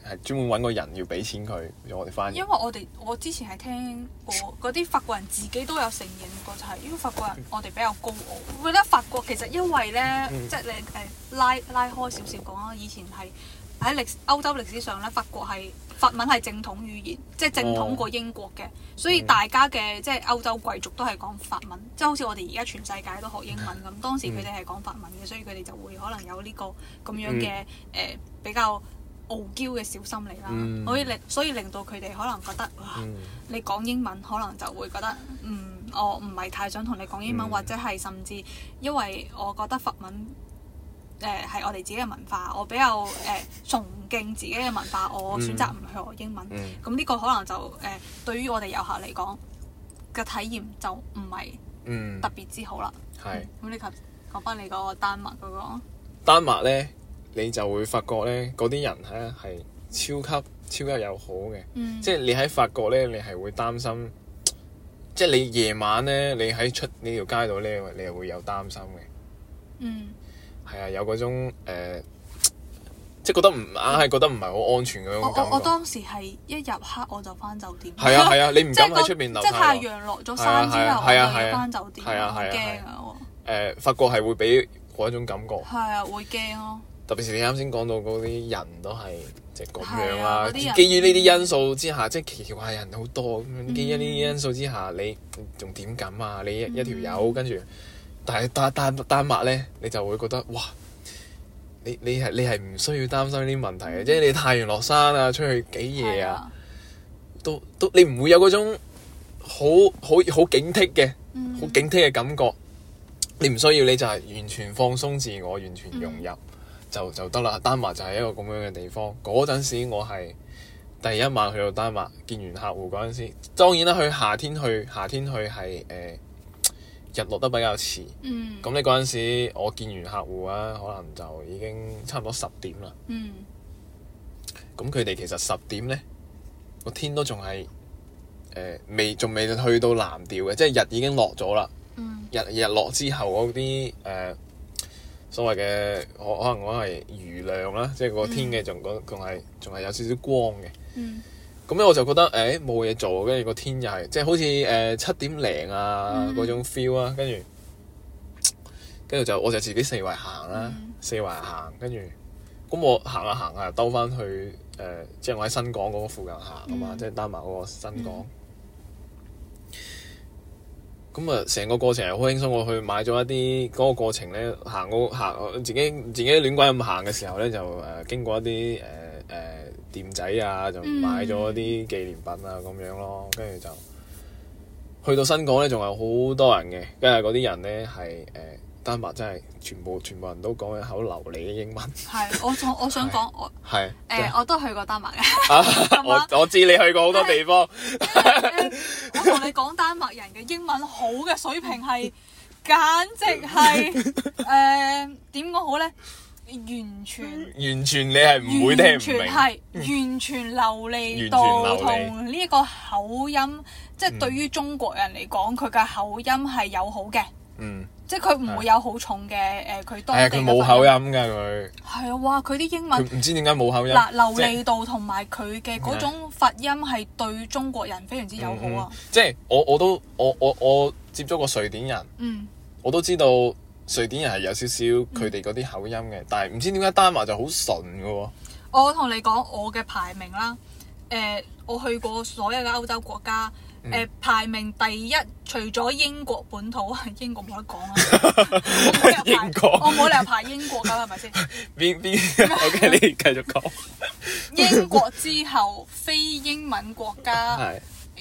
係專門揾個人要俾錢佢，我哋翻。因為我哋我之前係聽過嗰啲法國人自己都有承認過、就是，就係因為法國人、嗯、我哋比較高傲。我覺得法國其實因為呢，嗯、即係你誒拉拉開少少講啊，以前係喺歷歐洲歷史上呢，法國係法文係正統語言，即係正統過英國嘅，哦、所以大家嘅、嗯、即係歐洲貴族都係講法文，即係好似我哋而家全世界都學英文咁。當時佢哋係講法文嘅，嗯、所以佢哋就會可能有呢、呢個咁樣嘅誒、嗯呃、比較傲嬌嘅小心理啦，所以令所以令到佢哋可能覺得哇，嗯、你講英文可能就會覺得，嗯，我唔係太想同你講英文，嗯、或者係甚至因為我覺得法文，誒、呃、係我哋自己嘅文化，我比較誒、呃、崇敬自己嘅文化，我選擇唔去學英文，咁呢、嗯嗯、個可能就誒、呃、對於我哋遊客嚟講，嘅體驗就唔係、嗯、特別之好啦。係是。咁、嗯、你頭講翻你嗰個丹麥嗰、嗰個丹麥咧。你就會發覺咧，嗰啲人咧係超級超級友好嘅，即係你喺法國咧，你係會擔心，即係你夜晚咧，你喺出呢條街度咧，你係會有擔心嘅。嗯，係啊，有嗰種誒，即係覺得唔硬係覺得唔係好安全嗰種感覺。我我當時係一入黑我就翻酒店。係啊係啊，你唔敢喺出邊留喎。即係太陽落咗山之後，我先翻酒店。係啊係啊，驚啊！誒，法國係會俾嗰種感覺。係啊，會驚咯。特別是你啱先講到嗰啲人都係即係咁樣啦、啊，啊、基於呢啲因素之下，即係奇怪人好多，基於呢啲因素之下，嗯、你仲點咁啊？你一一條友跟住。但係單單單麥咧，你就會覺得哇！你你係你係唔需要擔心呢啲問題嘅，即係你太陽落山啊，出去幾夜啊，嗯、都都你唔會有嗰種好好好警惕嘅，好警惕嘅、嗯、感覺。你唔需要，你就係完全放鬆自我，完全融入。嗯就就得啦，丹麥就係一個咁樣嘅地方。嗰陣時我係第一晚去到丹麥，見完客戶嗰陣時，當然啦，佢夏天去，夏天去係誒、呃、日落得比較遲。嗯，咁你嗰陣時我見完客戶啊，可能就已經差唔多十點啦。嗯，咁佢哋其實十點咧，個天都仲係誒未，仲、呃、未去到藍調嘅，即係日已經落咗啦。嗯、日日落之後嗰啲誒。呃所謂嘅，我可能我係餘量啦，即係個天嘅仲仲係仲係有少少光嘅。咁咧、嗯、我就覺得，誒冇嘢做，跟住個天又係、就是，即係好似誒七點零啊嗰種 feel 啊，跟住跟住就我就自己四圍行啦，嗯、四圍行，跟住咁我行下行下兜翻去誒、呃，即係我喺新港嗰個附近行啊嘛，即係、嗯、丹麥嗰個新港。嗯咁啊，成個過程係好輕鬆，我去買咗一啲。嗰、那個過程咧，行我行自己自己亂鬼咁行嘅時候咧，就誒、呃、經過一啲誒誒店仔啊，就買咗啲紀念品啊咁樣咯。跟住就去到新港咧，仲有好多人嘅。跟住嗰啲人咧係誒。丹麥真係全部全部人都講一口流利嘅英文。係，我想我想講我係誒，我都去過丹麥嘅。我我知你去過好多地方。我同你講，丹麥人嘅英文好嘅水平係簡直係誒點講好咧？完全完全你係唔會聽唔明，係完全流利度同呢一個口音，即係對於中國人嚟講，佢嘅口音係友好嘅。嗯。即係佢唔會有好重嘅誒，佢都的、呃、地。係佢冇口音㗎佢。係啊，哇！佢啲英文。唔知點解冇口音。嗱，流利度同埋佢嘅嗰種發音係對中國人非常之友好啊的、嗯嗯。即係我我都我我我接觸過瑞典人，嗯，我都知道瑞典人係有少少佢哋嗰啲口音嘅，嗯、但係唔知點解丹麥就好純嘅喎。我同你講我嘅排名啦，誒、呃，我去過所有嘅歐洲國家。誒排名第一，除咗英國本土，英國冇得講啊！ 我排英國，我冇理由排英國㗎，係咪先？OK 你繼續講。 英國之後，非英文國家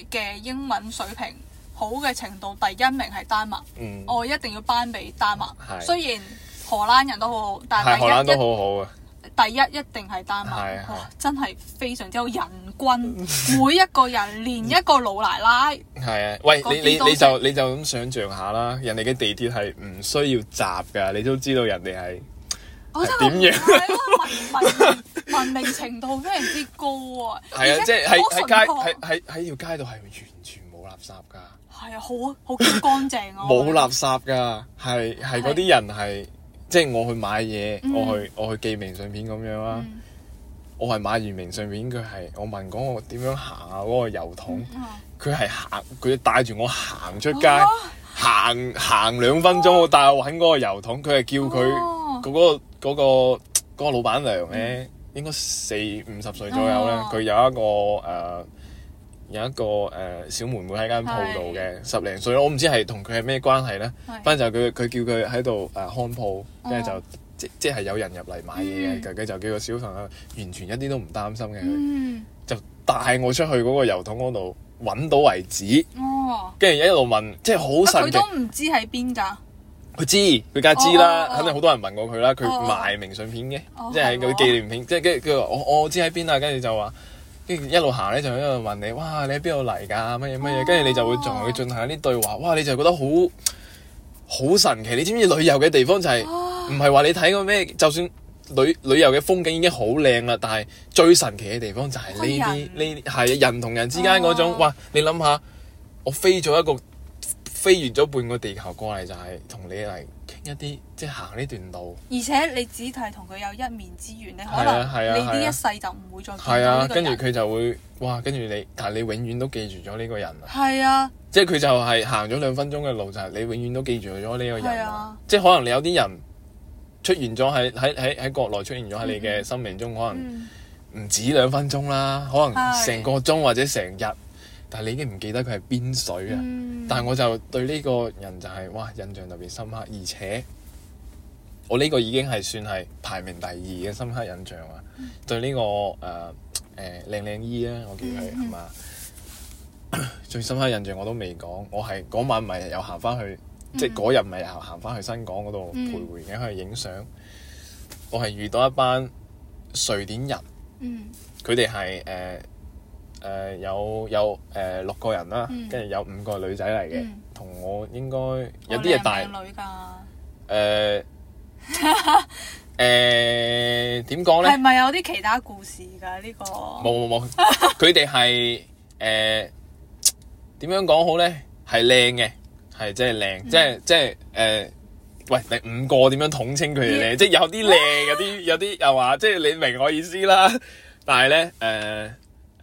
嘅英文水平好嘅程度，第一名係丹麥。嗯、我一定要頒俾丹麥。係、嗯。雖然荷蘭人都好好，但係荷蘭都好好嘅。第一一定係丹麥，的哦、真係非常之好人。韌。軍，每一個人，連一個老奶奶，係啊，喂，你你你就你就咁想象下啦，人哋嘅地鐵係唔需要閘噶，你都知道人哋係點樣，文明文明程度非常之高啊，係啊，即係喺喺喺喺條街度係完全冇垃圾噶，係啊，好好乾淨啊，冇垃圾噶，係係嗰啲人係，即係我去買嘢，我去我去寄明信片咁樣啦。我係買完明信片佢係我問講我點樣行嗰個郵筒，佢係行佢帶住我行出街，行行兩分鐘，我帶我揾嗰個郵筒，佢係叫佢嗰個嗰個嗰個老闆娘咧，應該四五十歲左右咧，佢有一個誒有一個誒小妹妹喺間鋪度嘅十零歲，我唔知係同佢係咩關係咧，反正就佢佢叫佢喺度誒看鋪，跟住就。即即係有人入嚟買嘢嘅，佢就叫個小朋友，完全一啲都唔擔心嘅。就帶我出去嗰個郵筒嗰度揾到為止，跟住一路問，即係好神奇。都唔知喺邊㗎。佢知佢梗知啦，肯定好多人問過佢啦。佢賣明信片嘅，即係嗰啲紀念片。即係跟住佢話我我知喺邊啊，跟住就話跟住一路行咧，就一路問你哇，你喺邊度嚟㗎？乜嘢乜嘢？跟住你就會同佢進行一啲對話，哇！你就覺得好好神奇。你知唔知旅遊嘅地方就係？唔係話你睇過咩，就算旅旅遊嘅風景已經好靚啦，但係最神奇嘅地方就係呢啲呢啲係人同人之間嗰種哇。你諗下，我飛咗一個飛完咗半個地球過嚟，就係同你嚟傾一啲，即係行呢段路。而且你只係同佢有一面之緣，你可能你呢一世就唔會再見呢個人。係啊，跟住佢就會哇，跟住你，但係你永遠都記住咗呢個人。係啊，即係佢就係行咗兩分鐘嘅路，就係你永遠都記住咗呢個人。即係可能你有啲人。出現咗喺喺喺喺國內，出現咗喺你嘅生命中，可能唔止兩分鐘啦，可能成個鐘或者成日，但係你已經唔記得佢係邊水啊！嗯、但係我就對呢個人就係、是、哇印象特別深刻，而且我呢個已經係算係排名第二嘅深刻印象啊！嗯、對呢、呢個誒誒、呃呃、靚靚姨咧、啊，我叫佢係嘛，最深刻印象我都未講，我係嗰晚咪又行翻去。即係嗰日咪行行翻去新港嗰度徘徊，嘅、嗯，而家去影相。我係遇到一班瑞典人，佢哋係誒誒有有誒、呃、六個人啦，跟住、嗯、有五個女仔嚟嘅，同、嗯、我應該有啲嘢帶。誒誒點講咧？係咪有啲其他故事㗎？這個 呃、呢個冇冇冇，佢哋係誒點樣講好咧？係靚嘅。係真係靚，mm hmm.，即係即係誒喂，第五個點樣統稱佢哋咧？即係有啲靚，有啲有啲又話，即係你明我意思啦。但係咧誒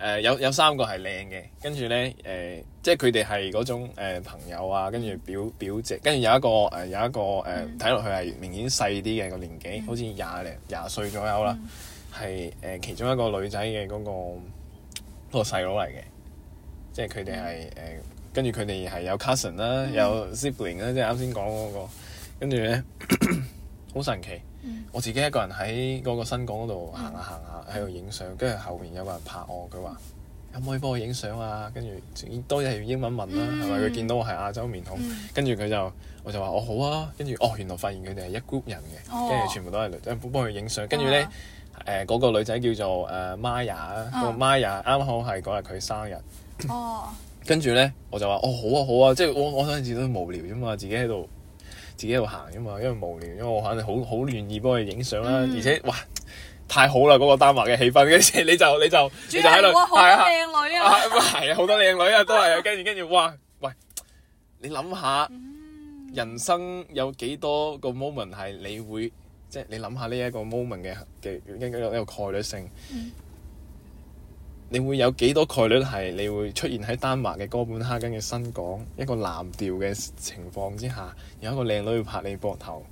誒，有有三個係靚嘅，跟住咧誒，即係佢哋係嗰種，呃、朋友啊，跟住表表姐，跟住有一個誒、呃、有一個誒睇落去係明顯細啲嘅個年紀，好似廿零廿歲左右啦，係誒、mm hmm. 呃、其中一個女仔嘅嗰個嗰個細佬嚟嘅，即係佢哋係誒。Mm hmm. 跟住佢哋係有 cousin 啦，有 sibling 啦，即係啱先講嗰個。跟住咧，好神奇。我自己一個人喺嗰個新港嗰度行下行下，喺度影相。跟住後面有個人拍我，佢話：可唔可以幫我影相啊？跟住當然係用英文問啦，係咪？佢見到我係亞洲面孔，跟住佢就我就話：我好啊。跟住哦，原來發現佢哋係一 group 人嘅，跟住全部都係女仔，幫佢影相。跟住咧，誒嗰個女仔叫做誒 Maya 啊，個 Maya 啱好係嗰日佢生日。哦。跟住咧，我就話：哦，好啊，好啊！即係我，我嗰陣時都無聊啫嘛，自己喺度，自己喺度行啫嘛，因為無聊，因為我肯定好好願意幫佢影相啦。嗯、而且哇，太好啦！嗰個丹麥嘅氣氛，跟住你就你就要你就喺度，哇，係啊，好多靚女啊，都係啊。跟住跟住，哇！喂，你諗下，嗯、人生有幾多個 moment 係你會，即係你諗下呢一個 moment 嘅嘅有一個概率性。嗯你會有幾多概率係你會出現喺丹麥嘅哥本哈根嘅新港一個藍調嘅情況之下，有一個靚女要拍你膊頭，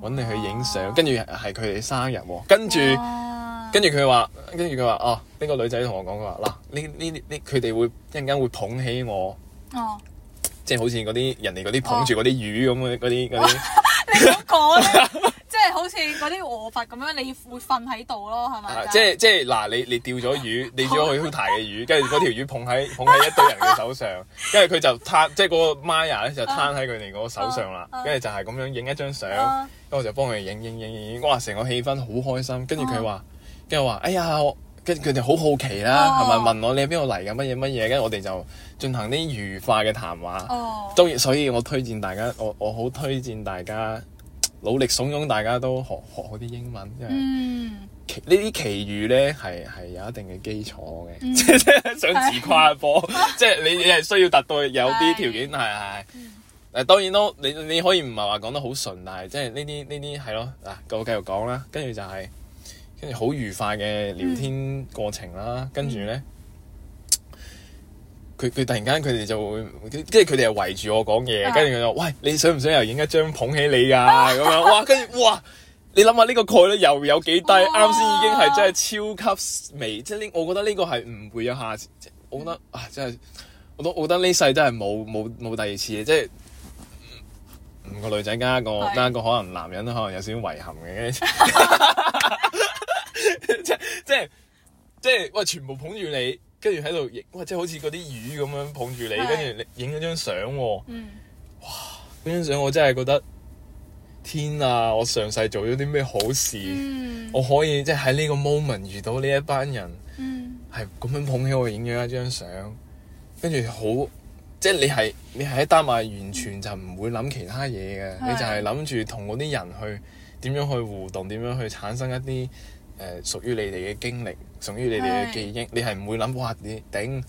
搵你去影相，啊、跟住係佢哋生日，跟住、啊、跟住佢話，跟住佢話哦，呢、啊呢個女仔同我講佢話嗱，呢呢呢，佢哋會一陣間會捧起我，哦、啊，即係好似嗰啲人哋嗰啲捧住嗰啲魚咁嗰啲啲，啊、 你唔講要 即係好似嗰啲臥佛咁樣，你會瞓喺度咯，係咪、啊？即係即係嗱、啊，你你釣咗魚，你釣咗好大嘅魚，跟住嗰條魚捧喺捧喺一堆人嘅手上，跟住佢就攤，即係嗰個 Maya 咧就攤喺佢哋嗰個手上啦，跟住、 啊啊、就係咁樣影一張相，跟住、啊、我就幫佢哋影影影影影，哇！成個氣氛好開心。跟住佢話，跟住話，哎呀，跟住佢哋好好奇啦，係咪、啊、問我你喺邊度嚟嘅，乜嘢乜嘢？跟住我哋就進行啲愉快嘅談話。哦，中意，所以我推薦大家，我我好推薦大家。努力慫恿大家都學學好啲英文，因為、嗯、呢啲奇遇咧係係有一定嘅基礎嘅，即係、嗯、 想自誇一波，啊、即係你你係需要達到有啲條件，係係、嗯。誒、嗯、當然咯，你你可以唔係話講得好順，但係即係呢啲呢啲係咯嗱，我繼續講啦，跟住就係跟住好愉快嘅聊天過程啦，嗯嗯、跟住咧。佢佢突然間佢哋就會，跟住佢哋係圍住我講嘢，跟住佢就喂，你想唔想又影一張捧起你啊咁樣，哇跟住哇，你諗下呢個概率又有幾低？啱先哇已經係真係超級微，即係呢，我覺得呢個係唔會有下次，我覺得啊真係，我都、就是、我覺得呢世都係冇冇冇第二次嘅，即、就、係、是、五個女仔加一個是加一個可能男人可能有少少遺憾嘅，即即即喂全部捧住你。跟住喺度影，哇！即係好似嗰啲魚咁樣捧住你，跟住你影咗張相。嗯。哇！嗰張相我真係覺得，天啊！我上世做咗啲咩好事？嗯。我可以即係喺呢個 moment 遇到呢一班人。嗯。係咁樣捧起我影咗一張相，跟住好，即係你係你係喺丹麥完全就唔會諗其他嘢嘅，嗯。你就係諗住同嗰啲人去點樣去互動，點樣去產生一啲。誒屬於你哋嘅經歷，屬於你哋嘅記憶，對你係唔會諗哇！你頂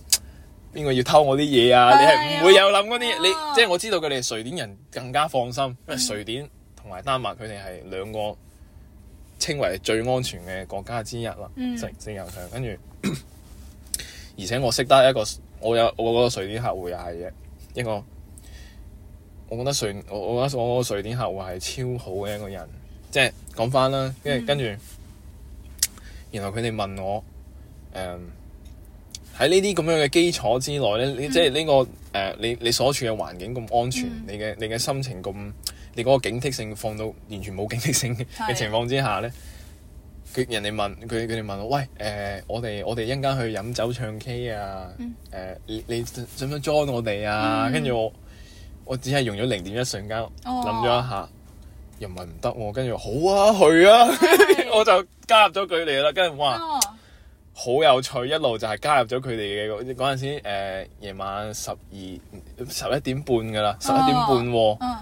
邊個要偷我啲嘢啊？對你係唔會有諗嗰啲嘢。我你即係、就是、我知道佢哋係瑞典人，更加放心，嗯、因為瑞典同埋丹麥佢哋係兩個稱為最安全嘅國家之一啦。政政務上跟住， 而且我識得一個，我有我個瑞典客戶又係嘅一個，我覺得瑞我我覺得我個瑞典客戶係超好嘅一個人。即係講翻啦，跟住跟住。然後佢哋問我，誒喺呢啲咁樣嘅基礎之內咧，你即係呢個誒，你你所處嘅環境咁安全，你嘅你嘅心情咁，你嗰個警惕性放到完全冇警惕性嘅情況之下咧，佢人哋問佢佢哋問我，喂誒，我哋我哋一陣間去飲酒唱 K 啊，誒你你想唔想 join 我哋啊？跟住我我只係用咗零點一瞬間諗咗一下。又唔係唔得喎，跟住話好啊，去啊！的 我就加入咗佢哋啦。跟住哇，哦、好有趣！一路就係加入咗佢哋嘅嗰嗰陣時，夜、呃、晚十二十一點半㗎喇，十一、哦、點半、啊哦、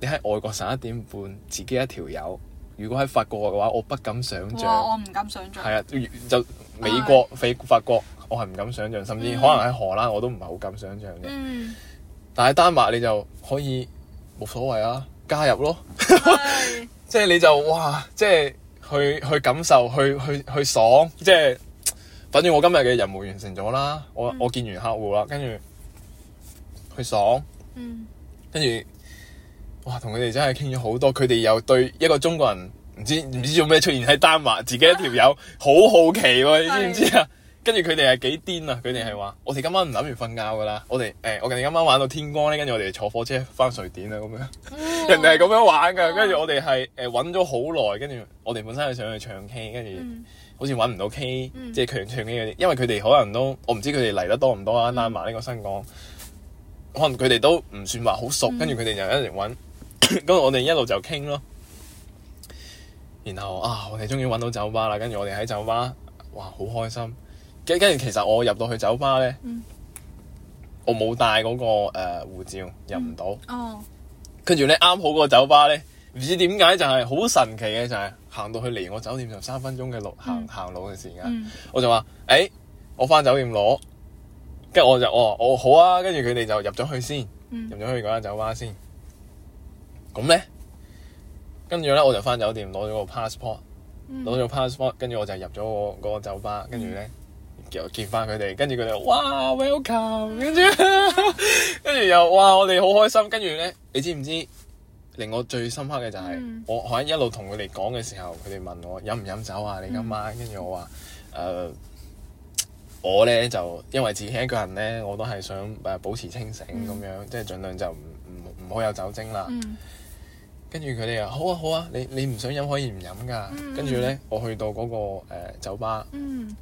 你喺外國十一點半自己一條友，如果喺法國嘅話，我不敢想象、哦。我唔敢想象。係啊，就美國、法、哦、法國，我係唔敢想象，甚至可能喺荷蘭我都唔係好敢想象嘅。嗯嗯、但係丹麥你就可以冇所謂啊！加入咯，即 係你就哇，即、就、係、是、去去感受，去去去爽，即係反正我今日嘅任務完成咗啦，我、嗯、我見完客戶啦，跟住去爽，跟住哇，同佢哋真係傾咗好多，佢哋又對一個中國人唔知唔知做咩出現喺丹麥，自己一條友好好奇喎、啊，啊、你知唔知啊？跟住佢哋係幾癲啊！佢哋係話：我哋今晚唔諗住瞓覺噶啦，我哋誒、哎、我哋今晚玩到天光咧，跟住我哋坐火車翻瑞典啊咁樣。哦、人哋係咁樣玩噶，跟住我哋係誒揾咗好耐。跟、呃、住我哋本身係想去唱 K，跟住、嗯、好似揾唔到 K、嗯、即係強唱 K 嗰啲。因為佢哋可能都我唔知佢哋嚟得多唔多啊。南馬呢個新港，嗯、可能佢哋都唔算話好熟。跟住佢哋就一直揾，跟住、嗯、 我哋一路就傾咯。然後啊，我哋、啊啊啊啊、終於揾、啊、到酒吧啦！跟住我哋喺酒吧，哇，好開心。跟住，其實我入到去酒吧咧，我冇帶嗰個誒護照，入唔到。跟住咧，啱好嗰個酒吧咧，唔知點解就係好神奇嘅，就係行到去離我酒店就三分鐘嘅路，行行路嘅時間。我就話：誒，我返酒店攞。跟住我就哦，我好啊。跟住佢哋就入咗去先，入咗去嗰間酒吧先。咁咧，跟住咧，我就返酒店攞咗個 passport，攞咗 passport，跟住我就入咗我嗰個酒吧，跟住咧。又見翻佢哋，跟住佢哋話：哇、wow，welcome！跟住跟住又哇，我哋好開心。跟住呢，你知唔知令我最深刻嘅就係、是嗯、我喺一路同佢哋講嘅時候，佢哋問我飲唔飲酒啊？你今晚、啊？跟住、嗯、我話：誒、呃，我呢，就因為自己一個人呢，我都係想保持清醒咁樣，嗯、即係儘量就唔唔唔好有酒精啦。跟住佢哋又好啊好啊，你你唔想飲可以唔飲㗎。跟住、嗯、呢，我去到嗰個酒吧。嗯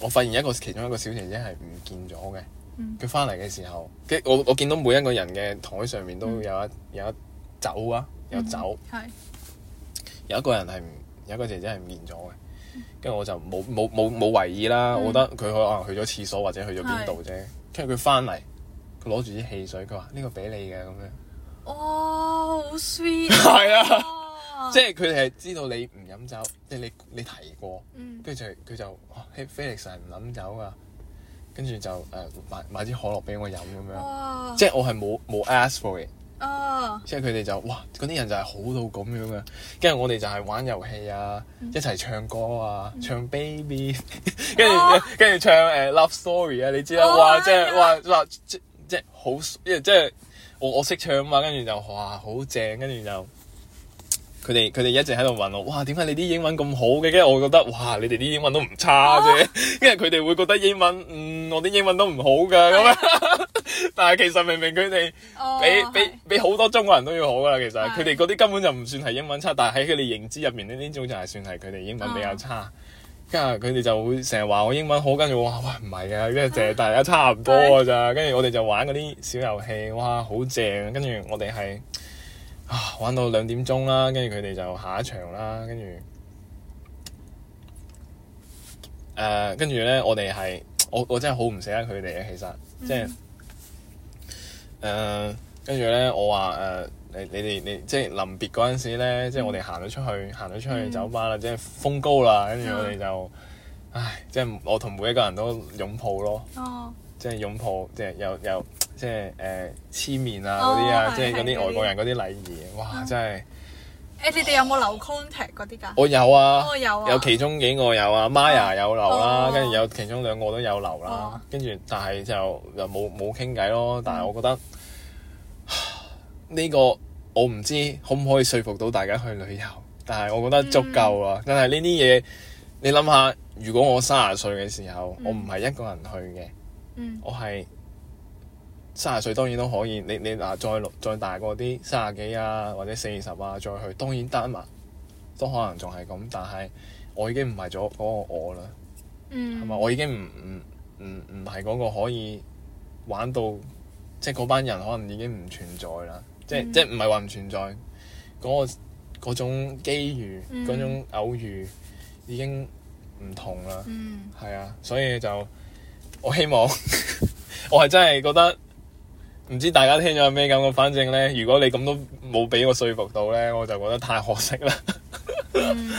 我發現一個其中一個小姐姐係唔見咗嘅，佢翻嚟嘅時候，跟住我我見到每一個人嘅台上面都有一有一酒啊，有酒，有一個、嗯、有一個人係有一個姐姐係唔見咗嘅，跟住我就冇冇冇冇為意啦，嗯、我覺得佢可能去咗廁所或者去咗邊度啫。跟住佢翻嚟，佢攞住啲汽水，佢話呢個俾你嘅咁樣，哦，好 sweet，係啊。即係佢哋係知道你唔飲酒，即係你你提過，跟住就佢就，哇！Felix 係唔飲酒啊，跟住就誒買買支可樂俾我飲咁樣，即係我係冇冇 ask for 嘅，即係佢哋就哇！嗰啲人就係好到咁樣噶，跟住我哋就係玩遊戲啊，一齊唱歌啊，唱 baby，跟住跟住唱誒 love story 啊，你知啦，哇！即係哇即係好即係我我識唱啊嘛，跟住就哇好正，跟住就。佢哋佢哋一直喺度問我，哇點解你啲英文咁好嘅？跟住我覺得哇，你哋啲英文都唔差啫。Oh, 因為佢哋會覺得英文，嗯，我啲英文都唔好噶咁、oh. 樣。 但係其實明明佢哋比、oh. 比比好多中國人都要好噶。其實佢哋嗰啲根本就唔算係英文差，但係喺佢哋認知入面咧，呢種就係算係佢哋英文比較差。跟住佢哋就會成日話我英文好，跟住哇喂唔係啊，跟住就大家差唔多㗎咋。跟住、oh. 對我哋就玩嗰啲小遊戲，哇好正。跟住我哋係。啊！玩到兩點鐘啦，跟住佢哋就下一場啦，跟住誒，跟住咧我哋係我我真係好唔捨得佢哋嘅，其實即係誒，跟住咧我話誒、呃，你你哋你即係臨別嗰陣時咧，即係、嗯、我哋行咗出去，行咗出去酒吧啦，嗯、即係風高啦，跟住我哋就、嗯、唉，即係我同每一個人都擁抱咯。哦即係擁抱，即係又又即係誒黐面啊嗰啲啊，即係嗰啲外國人嗰啲禮儀，哇！真係誒你哋有冇留 contact 嗰啲㗎？我有啊，有啊，有其中幾個有啊，Maya 有留啦，跟住有其中兩個都有留啦，跟住但係就又冇冇傾偈咯。但係我覺得呢個我唔知可唔可以說服到大家去旅遊，但係我覺得足夠啊。但係呢啲嘢你諗下，如果我三十歲嘅時候，我唔係一個人去嘅。我係三十歲當然都可以，你你嗱再再大個啲三十幾啊，或者四十啊再去，當然得埋，都可能仲係咁，但係我已經唔係咗嗰個我啦，係嘛、嗯？我已經唔唔唔唔係嗰個可以玩到，即係嗰班人可能已經唔存在啦、嗯，即係即係唔係話唔存在，嗰、嗰個嗰種機遇嗰種偶遇、嗯、已經唔同啦，係、嗯、啊，所以就。我希望 我係真係覺得，唔知大家聽咗有咩感覺，我反正咧，如果你咁都冇俾我說服到咧，我就覺得太可惜啦。係、 嗯、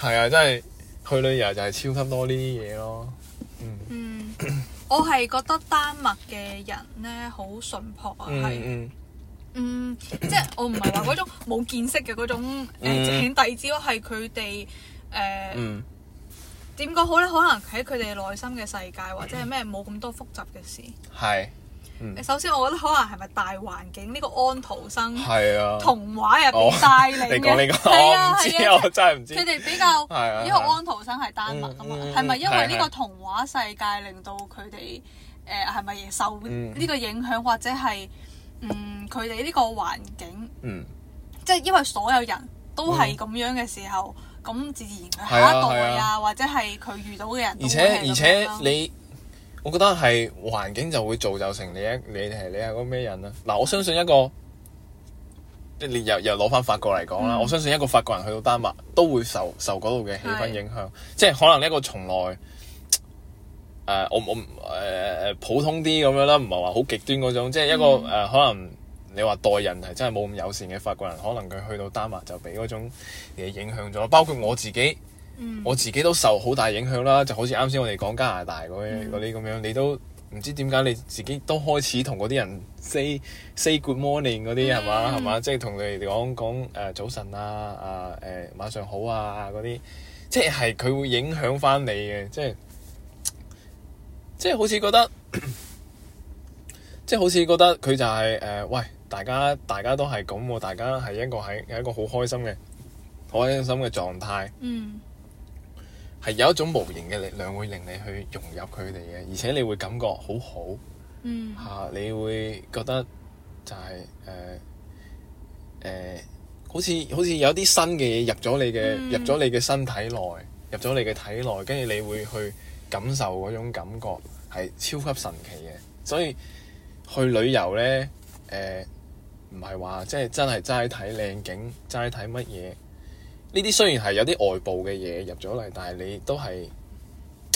啊，真係去旅遊就係超級多呢啲嘢咯。嗯，嗯我係覺得丹麥嘅人咧好淳樸啊，係，嗯，即係我唔係話嗰種冇見識嘅嗰種誒井底之蛙，係佢哋誒。呃點講好咧？可能喺佢哋內心嘅世界，或者係咩冇咁多複雜嘅事。係，嗯、首先我覺得可能係咪大環境呢、呢個安徒生係啊童話入邊帶嚟嘅。你，你啊，你、哦、啊，啊啊我唔知，我真係唔知。佢哋比較，啊啊、因為安徒生係丹麥噶嘛，係咪、嗯嗯、因為呢個童話世界令到佢哋誒係咪受呢個影響，嗯、或者係嗯佢哋呢個環境，即係、嗯、因為所有人都係咁樣嘅時候。咁自然下一代啊，啊啊或者係佢遇到嘅人，而且而且你，我覺得係環境就會造就成你一你係你係個咩人啊？嗱，我相信一個，即你又又攞翻法國嚟講啦，嗯、我相信一個法國人去到丹麥都會受受嗰度嘅氣氛影響，是即係可能一個從來誒、呃、我我誒誒、呃、普通啲咁樣啦，唔係話好極端嗰種，即係一個誒、嗯呃、可能。你話待人係真係冇咁友善嘅法國人，可能佢去到丹麥就畀嗰種嘢影響咗。包括我自己，嗯、我自己都受好大影響啦。就好似啱先我哋講加拿大嗰啲咁樣，你都唔知點解你自己都開始同嗰啲人 say say good morning 嗰啲係嘛係嘛？即係同你哋講講誒早晨啊啊誒晚上好啊嗰啲，即係佢會影響翻你嘅，即係即係好似覺得，即係好似覺得佢就係誒、呃、喂。大家大家都係咁喎，大家係一個係一個好開心嘅好開心嘅狀態。嗯，係有一種無形嘅力量會令你去融入佢哋嘅，而且你會感覺好好。嗯，嚇、啊，你會覺得就係誒誒，好似好似有啲新嘅嘢入咗你嘅、嗯、入咗你嘅身體內，入咗你嘅體內，跟住你會去感受嗰種感覺係超級神奇嘅。所以去旅遊咧，誒、呃、～唔係話即係真係齋睇靚景，齋睇乜嘢？呢啲雖然係有啲外部嘅嘢入咗嚟，但係你都係，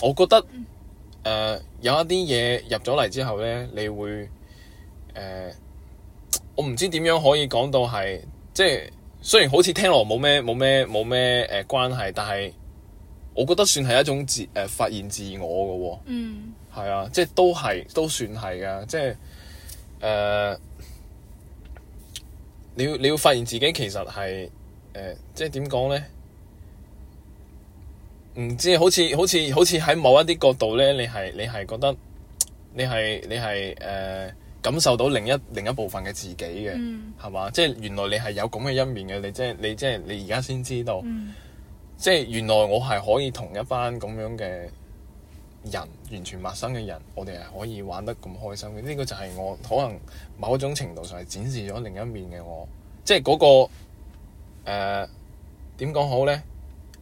我覺得誒、呃、有一啲嘢入咗嚟之後咧，你會誒、呃，我唔知點樣可以講到係即係，雖然好似聽落冇咩冇咩冇咩誒關係，但係我覺得算係一種自誒、呃、發現自我嘅喎、哦。嗯，係啊，即係都係都算係㗎，即係誒。呃你要你要發現自己其實係、呃、即係點講咧？唔知好似好似好似喺某一啲角度咧，你係你係覺得你係你係誒、呃、感受到另一另一部分嘅自己嘅，係嘛、嗯？即係原來你係有咁嘅一面嘅，你即係你即係你而家先知道，嗯、即係原來我係可以同一班咁樣嘅人完全陌生嘅人，我哋係可以玩得咁開心嘅。呢個就係我可能某一種程度上係展示咗另一面嘅我，即係嗰個誒點講好咧？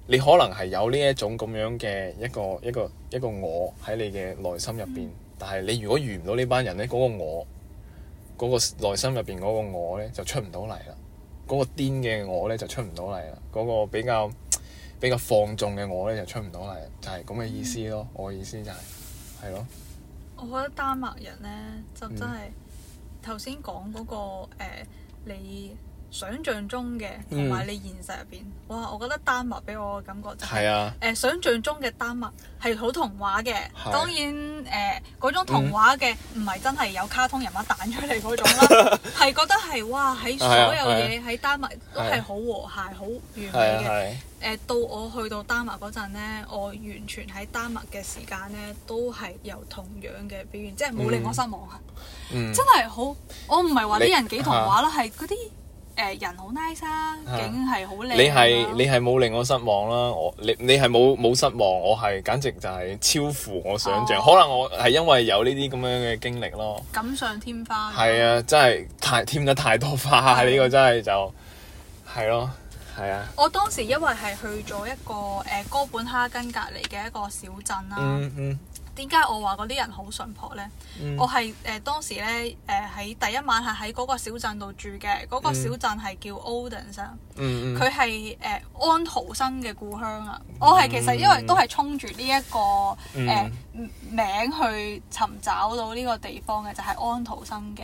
你可能係有呢一種咁樣嘅一個一個一個我喺你嘅內心入邊，但係你如果遇唔到呢班人咧，嗰個我嗰個內心入邊嗰個我咧就出唔到嚟啦，嗰個癲嘅我咧就出唔到嚟啦，嗰個比較。比較放縱嘅我咧就出唔到嚟，就係咁嘅意思咯。嗯、我嘅意思就係、是，係咯。我覺得丹麥人咧就真係頭先講嗰個、呃、你。想象中嘅同埋你現實入邊，哇！我覺得丹麥俾我嘅感覺就係誒想象中嘅丹麥係好童話嘅，當然誒嗰種童話嘅唔係真係有卡通人物彈出嚟嗰種啦，係覺得係哇喺所有嘢喺丹麥都係好和諧、好完美嘅。誒到我去到丹麥嗰陣咧，我完全喺丹麥嘅時間咧都係由同樣嘅表現，即係冇令我失望啊！真係好，我唔係話啲人幾童話啦，係嗰啲。呃、人好 nice 啊，啊景係好靚。你係你係冇令我失望啦、啊，我你你係冇冇失望，我係簡直就係超乎我想像。哦、可能我係因為有呢啲咁樣嘅經歷咯，錦上添花。係啊，真係太添得太多花，呢、啊、個真係就係咯，係啊。啊我當時因為係去咗一個誒、呃、哥本哈根隔離嘅一個小鎮啦、啊嗯。嗯嗯。點解我話嗰啲人好淳樸呢？嗯、我係誒、呃、當時咧誒喺第一晚係喺嗰個小鎮度住嘅，嗰、嗰個小鎮係叫 Odense，l 佢係誒安徒生嘅故鄉啊！嗯、我係其實因為都係衝住呢一個誒、嗯呃、名去尋找到呢個地方嘅，就係、係、安徒生嘅。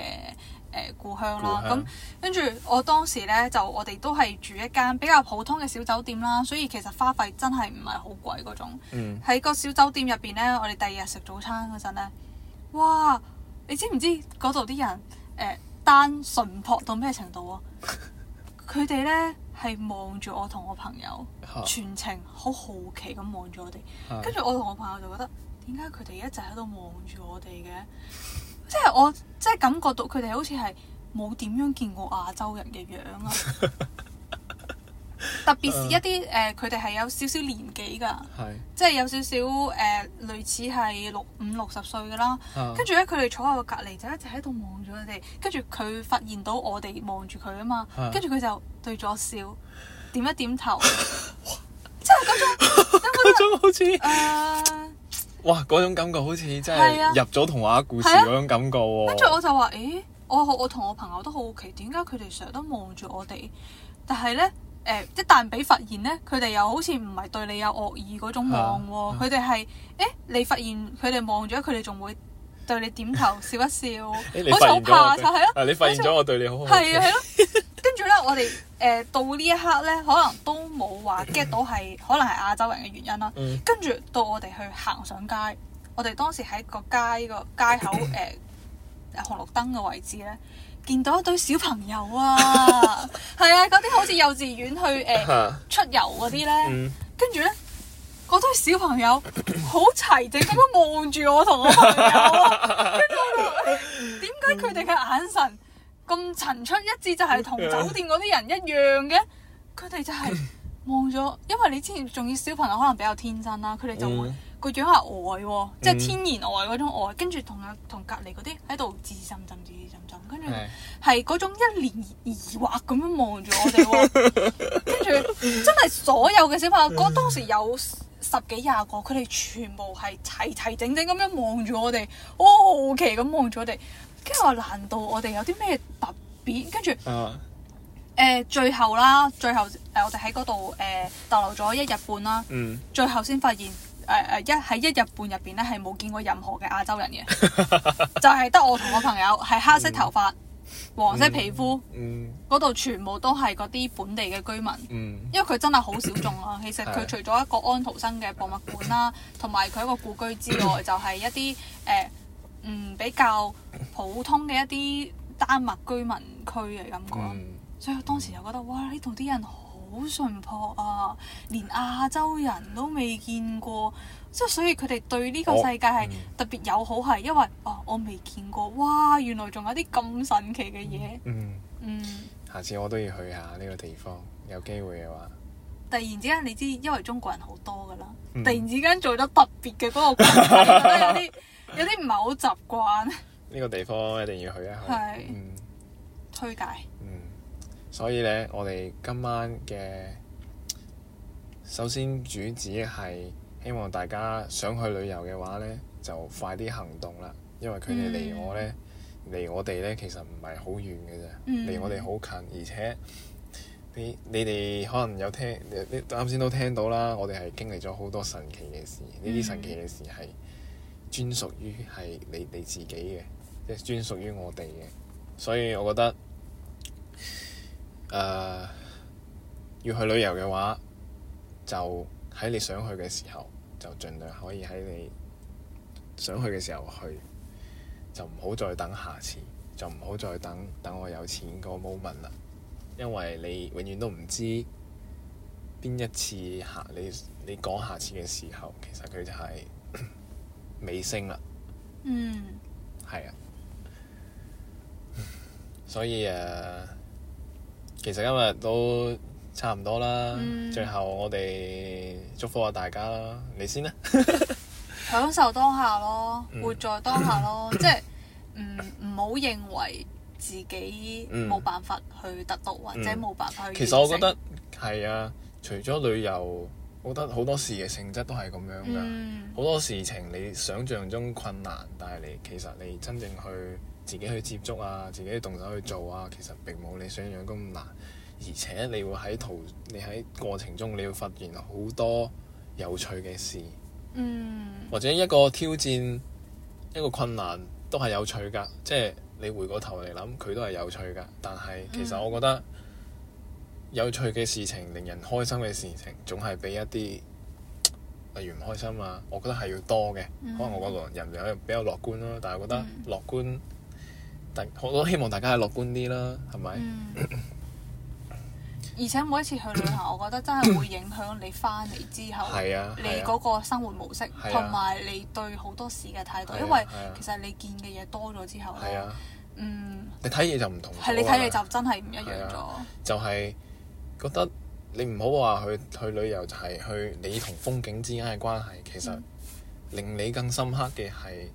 誒，故鄉啦，咁跟住我當時呢，就我哋都係住一間比較普通嘅小酒店啦，所以其實花費真係唔係好貴嗰種。喺、嗯、個小酒店入邊呢，我哋第二日食早餐嗰陣呢，哇！你知唔知嗰度啲人誒、呃，單純樸到咩程度啊？佢哋 呢係望住我同我朋友，全程好好奇咁望住我哋。跟住 我同我朋友就覺得，點解佢哋一直喺度望住我哋嘅？ 即係我，即係感覺到佢哋好似係冇點樣見過亞洲人嘅樣啊！特別是一啲誒，佢哋係有少少年紀噶，即係有少少誒，類似係六五六十歲噶啦、啊。跟住咧，佢哋坐喺個隔籬就一直喺度望住佢哋。跟住佢發現到我哋望住佢啊嘛，跟住佢就對咗笑，點一點頭，哇！即係嗰種，嗰種好似。哇！嗰種感覺好似真係入咗童話故事嗰、啊、種感覺喎、哦。跟住我就話：誒、欸，我我同我朋友都好奇點解佢哋成日都望住我哋，但係呢，誒、欸，一旦俾發現呢，佢哋又好似唔係對你有惡意嗰種望喎、哦。佢哋係誒，你發現佢哋望咗，佢哋仲會。對你點頭笑一笑，好似好怕就係咯。你發現咗我對你好怕。係啊係咯，跟住咧，我哋誒到呢一刻咧，可能都冇話 get 到係可能係亞洲人嘅原因啦。跟住到我哋去行上街，我哋當時喺個街個街口誒紅綠燈嘅位置咧，見到一對小朋友啊，係啊，嗰啲好似幼稚園去誒出遊嗰啲咧，跟住咧。嗰堆小朋友好齊整咁樣望住我同我朋友，跟住我話：點解佢哋嘅眼神咁陳出一致，就係同酒店嗰啲人一樣嘅？佢哋 就係望咗，因為你之前仲要小朋友可能比較天真啦，佢哋就個樣係呆喎，即係天然呆嗰種呆， 跟住同啊同隔離嗰啲喺度滋滋浸浸滋滋浸浸，跟住係嗰種一連疑惑咁樣望住我哋喎， 跟住真係所有嘅小朋友，嗰當時有。十幾廿個，佢哋全部係齊齊整整咁樣望住我哋，好好奇咁望住我哋，跟住話難道我哋有啲咩特別？跟住誒，最後啦，最後誒、呃，我哋喺嗰度誒逗留咗一日半啦，嗯、最後先發現誒誒、呃，一喺一日半入邊咧係冇見過任何嘅亞洲人嘅， 就係得我同我朋友係黑色頭髮。嗯黃色皮膚，嗰度，嗯嗯、全部都係嗰啲本地嘅居民，嗯，因為佢真係好小眾啊。咳咳其實佢除咗一個安徒生嘅博物館啦，啊，同埋佢一個故居之外，咳咳就係一啲誒，嗯、呃，比較普通嘅一啲丹麥居民區嘅感覺，嗯，所以我當時就覺得咳咳哇，呢度啲人。好淳樸啊！連亞洲人都未見過，即係所以佢哋對呢個世界係特別友好，係、哦嗯、因為哦、啊，我未見過，哇！原來仲有啲咁神奇嘅嘢、嗯。嗯嗯，下次我都要去下呢個地方，有機會嘅話。突然之間，你知因為中國人好多噶啦，嗯、突然之間做咗特別嘅嗰個 覺得有啲有啲唔係好習慣。呢個地方一定要去一下。係是，嗯，推介。所以呢，我哋今晚嘅首先主旨係希望大家想去旅遊嘅話呢，就快啲行動啦，因為佢哋離我呢，離、mm hmm. 我哋呢，其實唔係好遠嘅啫，離、mm hmm. 我哋好近，而且你你哋可能有聽啱先都聽到啦，我哋係經歷咗好多神奇嘅事，呢啲、mm hmm. 神奇嘅事係專屬於係你你自己嘅，即係專屬於我哋嘅，所以我覺得。誒，uh, 要去旅遊嘅話，就喺你想去嘅時候，就盡量可以喺你想去嘅時候去，就唔好再等下次，就唔好再等等我有錢個 moment 啦，因為你永遠都唔知邊一次下你你講下次嘅時候，其實佢就係、是、 尾聲啦。嗯。係啊。 所以誒。Uh, 其實今日都差唔多啦，嗯、最後我哋祝福下大家啦，你先啦， 享受當下咯，活在當下咯，嗯、即係唔 好認為自己冇辦法去得到，或者冇辦法去完成、嗯、其實我覺得係啊，除咗旅遊，我覺得好多事嘅性質都係咁樣噶，好、嗯、多事情你想象中困難，但係你其實你真正去。自己去接觸啊，自己動手去做啊，其實並冇你想像咁難，而且你會喺途，你喺過程中，你會發現好多有趣嘅事。嗯。或者一個挑戰，一個困難都係有趣㗎，即係你回過頭嚟諗，佢都係有趣㗎。但係其實我覺得有趣嘅事情，嗯、令人開心嘅事情，總係比一啲例如唔開心啊，我覺得係要多嘅。嗯、可能我個人比較比較樂觀咯、啊，但係我覺得樂觀。嗯但係我都希望大家係樂觀啲啦，係咪、嗯？而且每一次去旅行， 我覺得真係會影響你翻嚟之後，啊、你嗰個生活模式同埋、啊、你對好多事嘅態度，啊、因為其實你見嘅嘢多咗之後咧，啊、嗯。你睇嘢就唔同。係你睇嘢就真係唔一樣咗。就係、係、覺得你唔好話去去旅遊就係去你同風景之間嘅關係，其實、嗯、令你更深刻嘅係。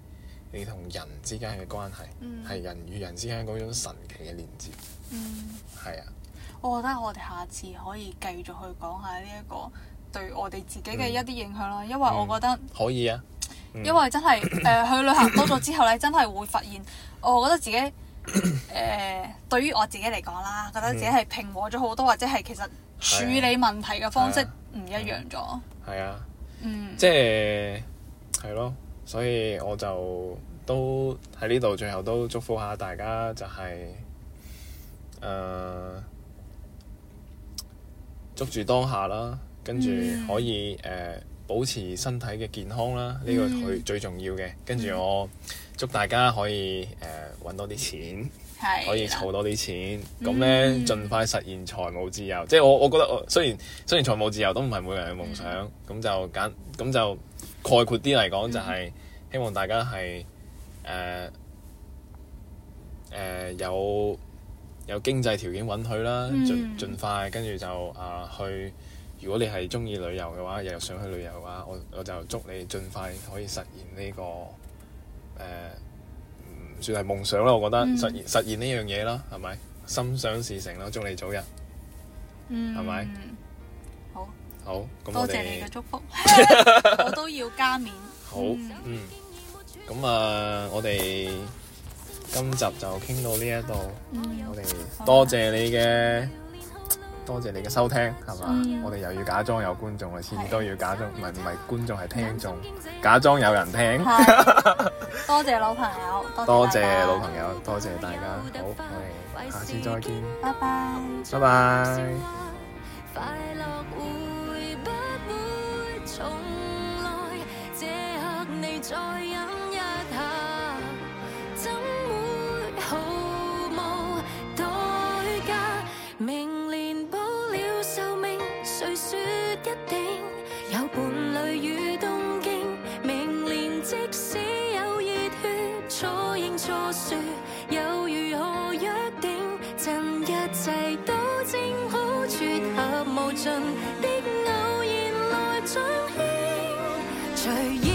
你同人之間嘅關係，係、嗯、人與人之間嗰種神奇嘅連接，係、嗯、啊。我覺得我哋下次可以繼續去講下呢一個對我哋自己嘅一啲影響囉，因為我覺得、嗯嗯、可以啊。嗯、因為真係誒、呃、去旅行多咗之後咧，嗯、真係會發現我覺得自己誒、呃嗯、對於我自己嚟講啦，覺得自己係平和咗好多，或者係其實處理問題嘅方式唔一樣咗。係啊、嗯，嗯，即係係咯。就是所以我就都喺呢度，最後都祝福下大家、就是，就係誒捉住當下啦，跟住可以誒、嗯呃、保持身體嘅健康啦，呢、嗯、個係最最重要嘅。跟住我祝大家可以誒揾、呃、多啲錢，的可以儲多啲錢，咁咧、嗯、盡快實現財務自由。嗯、即係我，我覺得我雖然雖然財務自由都唔係每個人嘅夢想，咁就簡咁就。概括啲嚟講就係希望大家係誒誒有有經濟條件允許啦，盡、嗯、盡快跟住就啊、呃、去。如果你係鍾意旅遊嘅話，又想去旅遊嘅話，我我就祝你盡快可以實現呢、呢個誒、呃、算係夢想啦。我覺得、嗯、實、實現實現呢樣嘢啦，係咪心想事成啦？祝你早日係咪？嗯、是。好，多謝你嘅祝福，我都要加冕。好，嗯，咁啊，我哋今集就傾到呢一度，我哋多謝你嘅，多謝你嘅收聽，係嘛？我哋又要假裝有觀眾啊，先都要假裝，唔係唔係觀眾係聽眾，假裝有人聽。多謝老朋友，多謝老朋友，多謝大家，好，我哋下次再見，拜拜，拜拜。從來這刻你再忍一下，怎會毫無代價？明年保了壽命，誰說一定有伴侶與東京？明年即使有熱血，初櫻初雪，又如何約定？趁一切都正好，撮合無盡的偶然來聚。誰？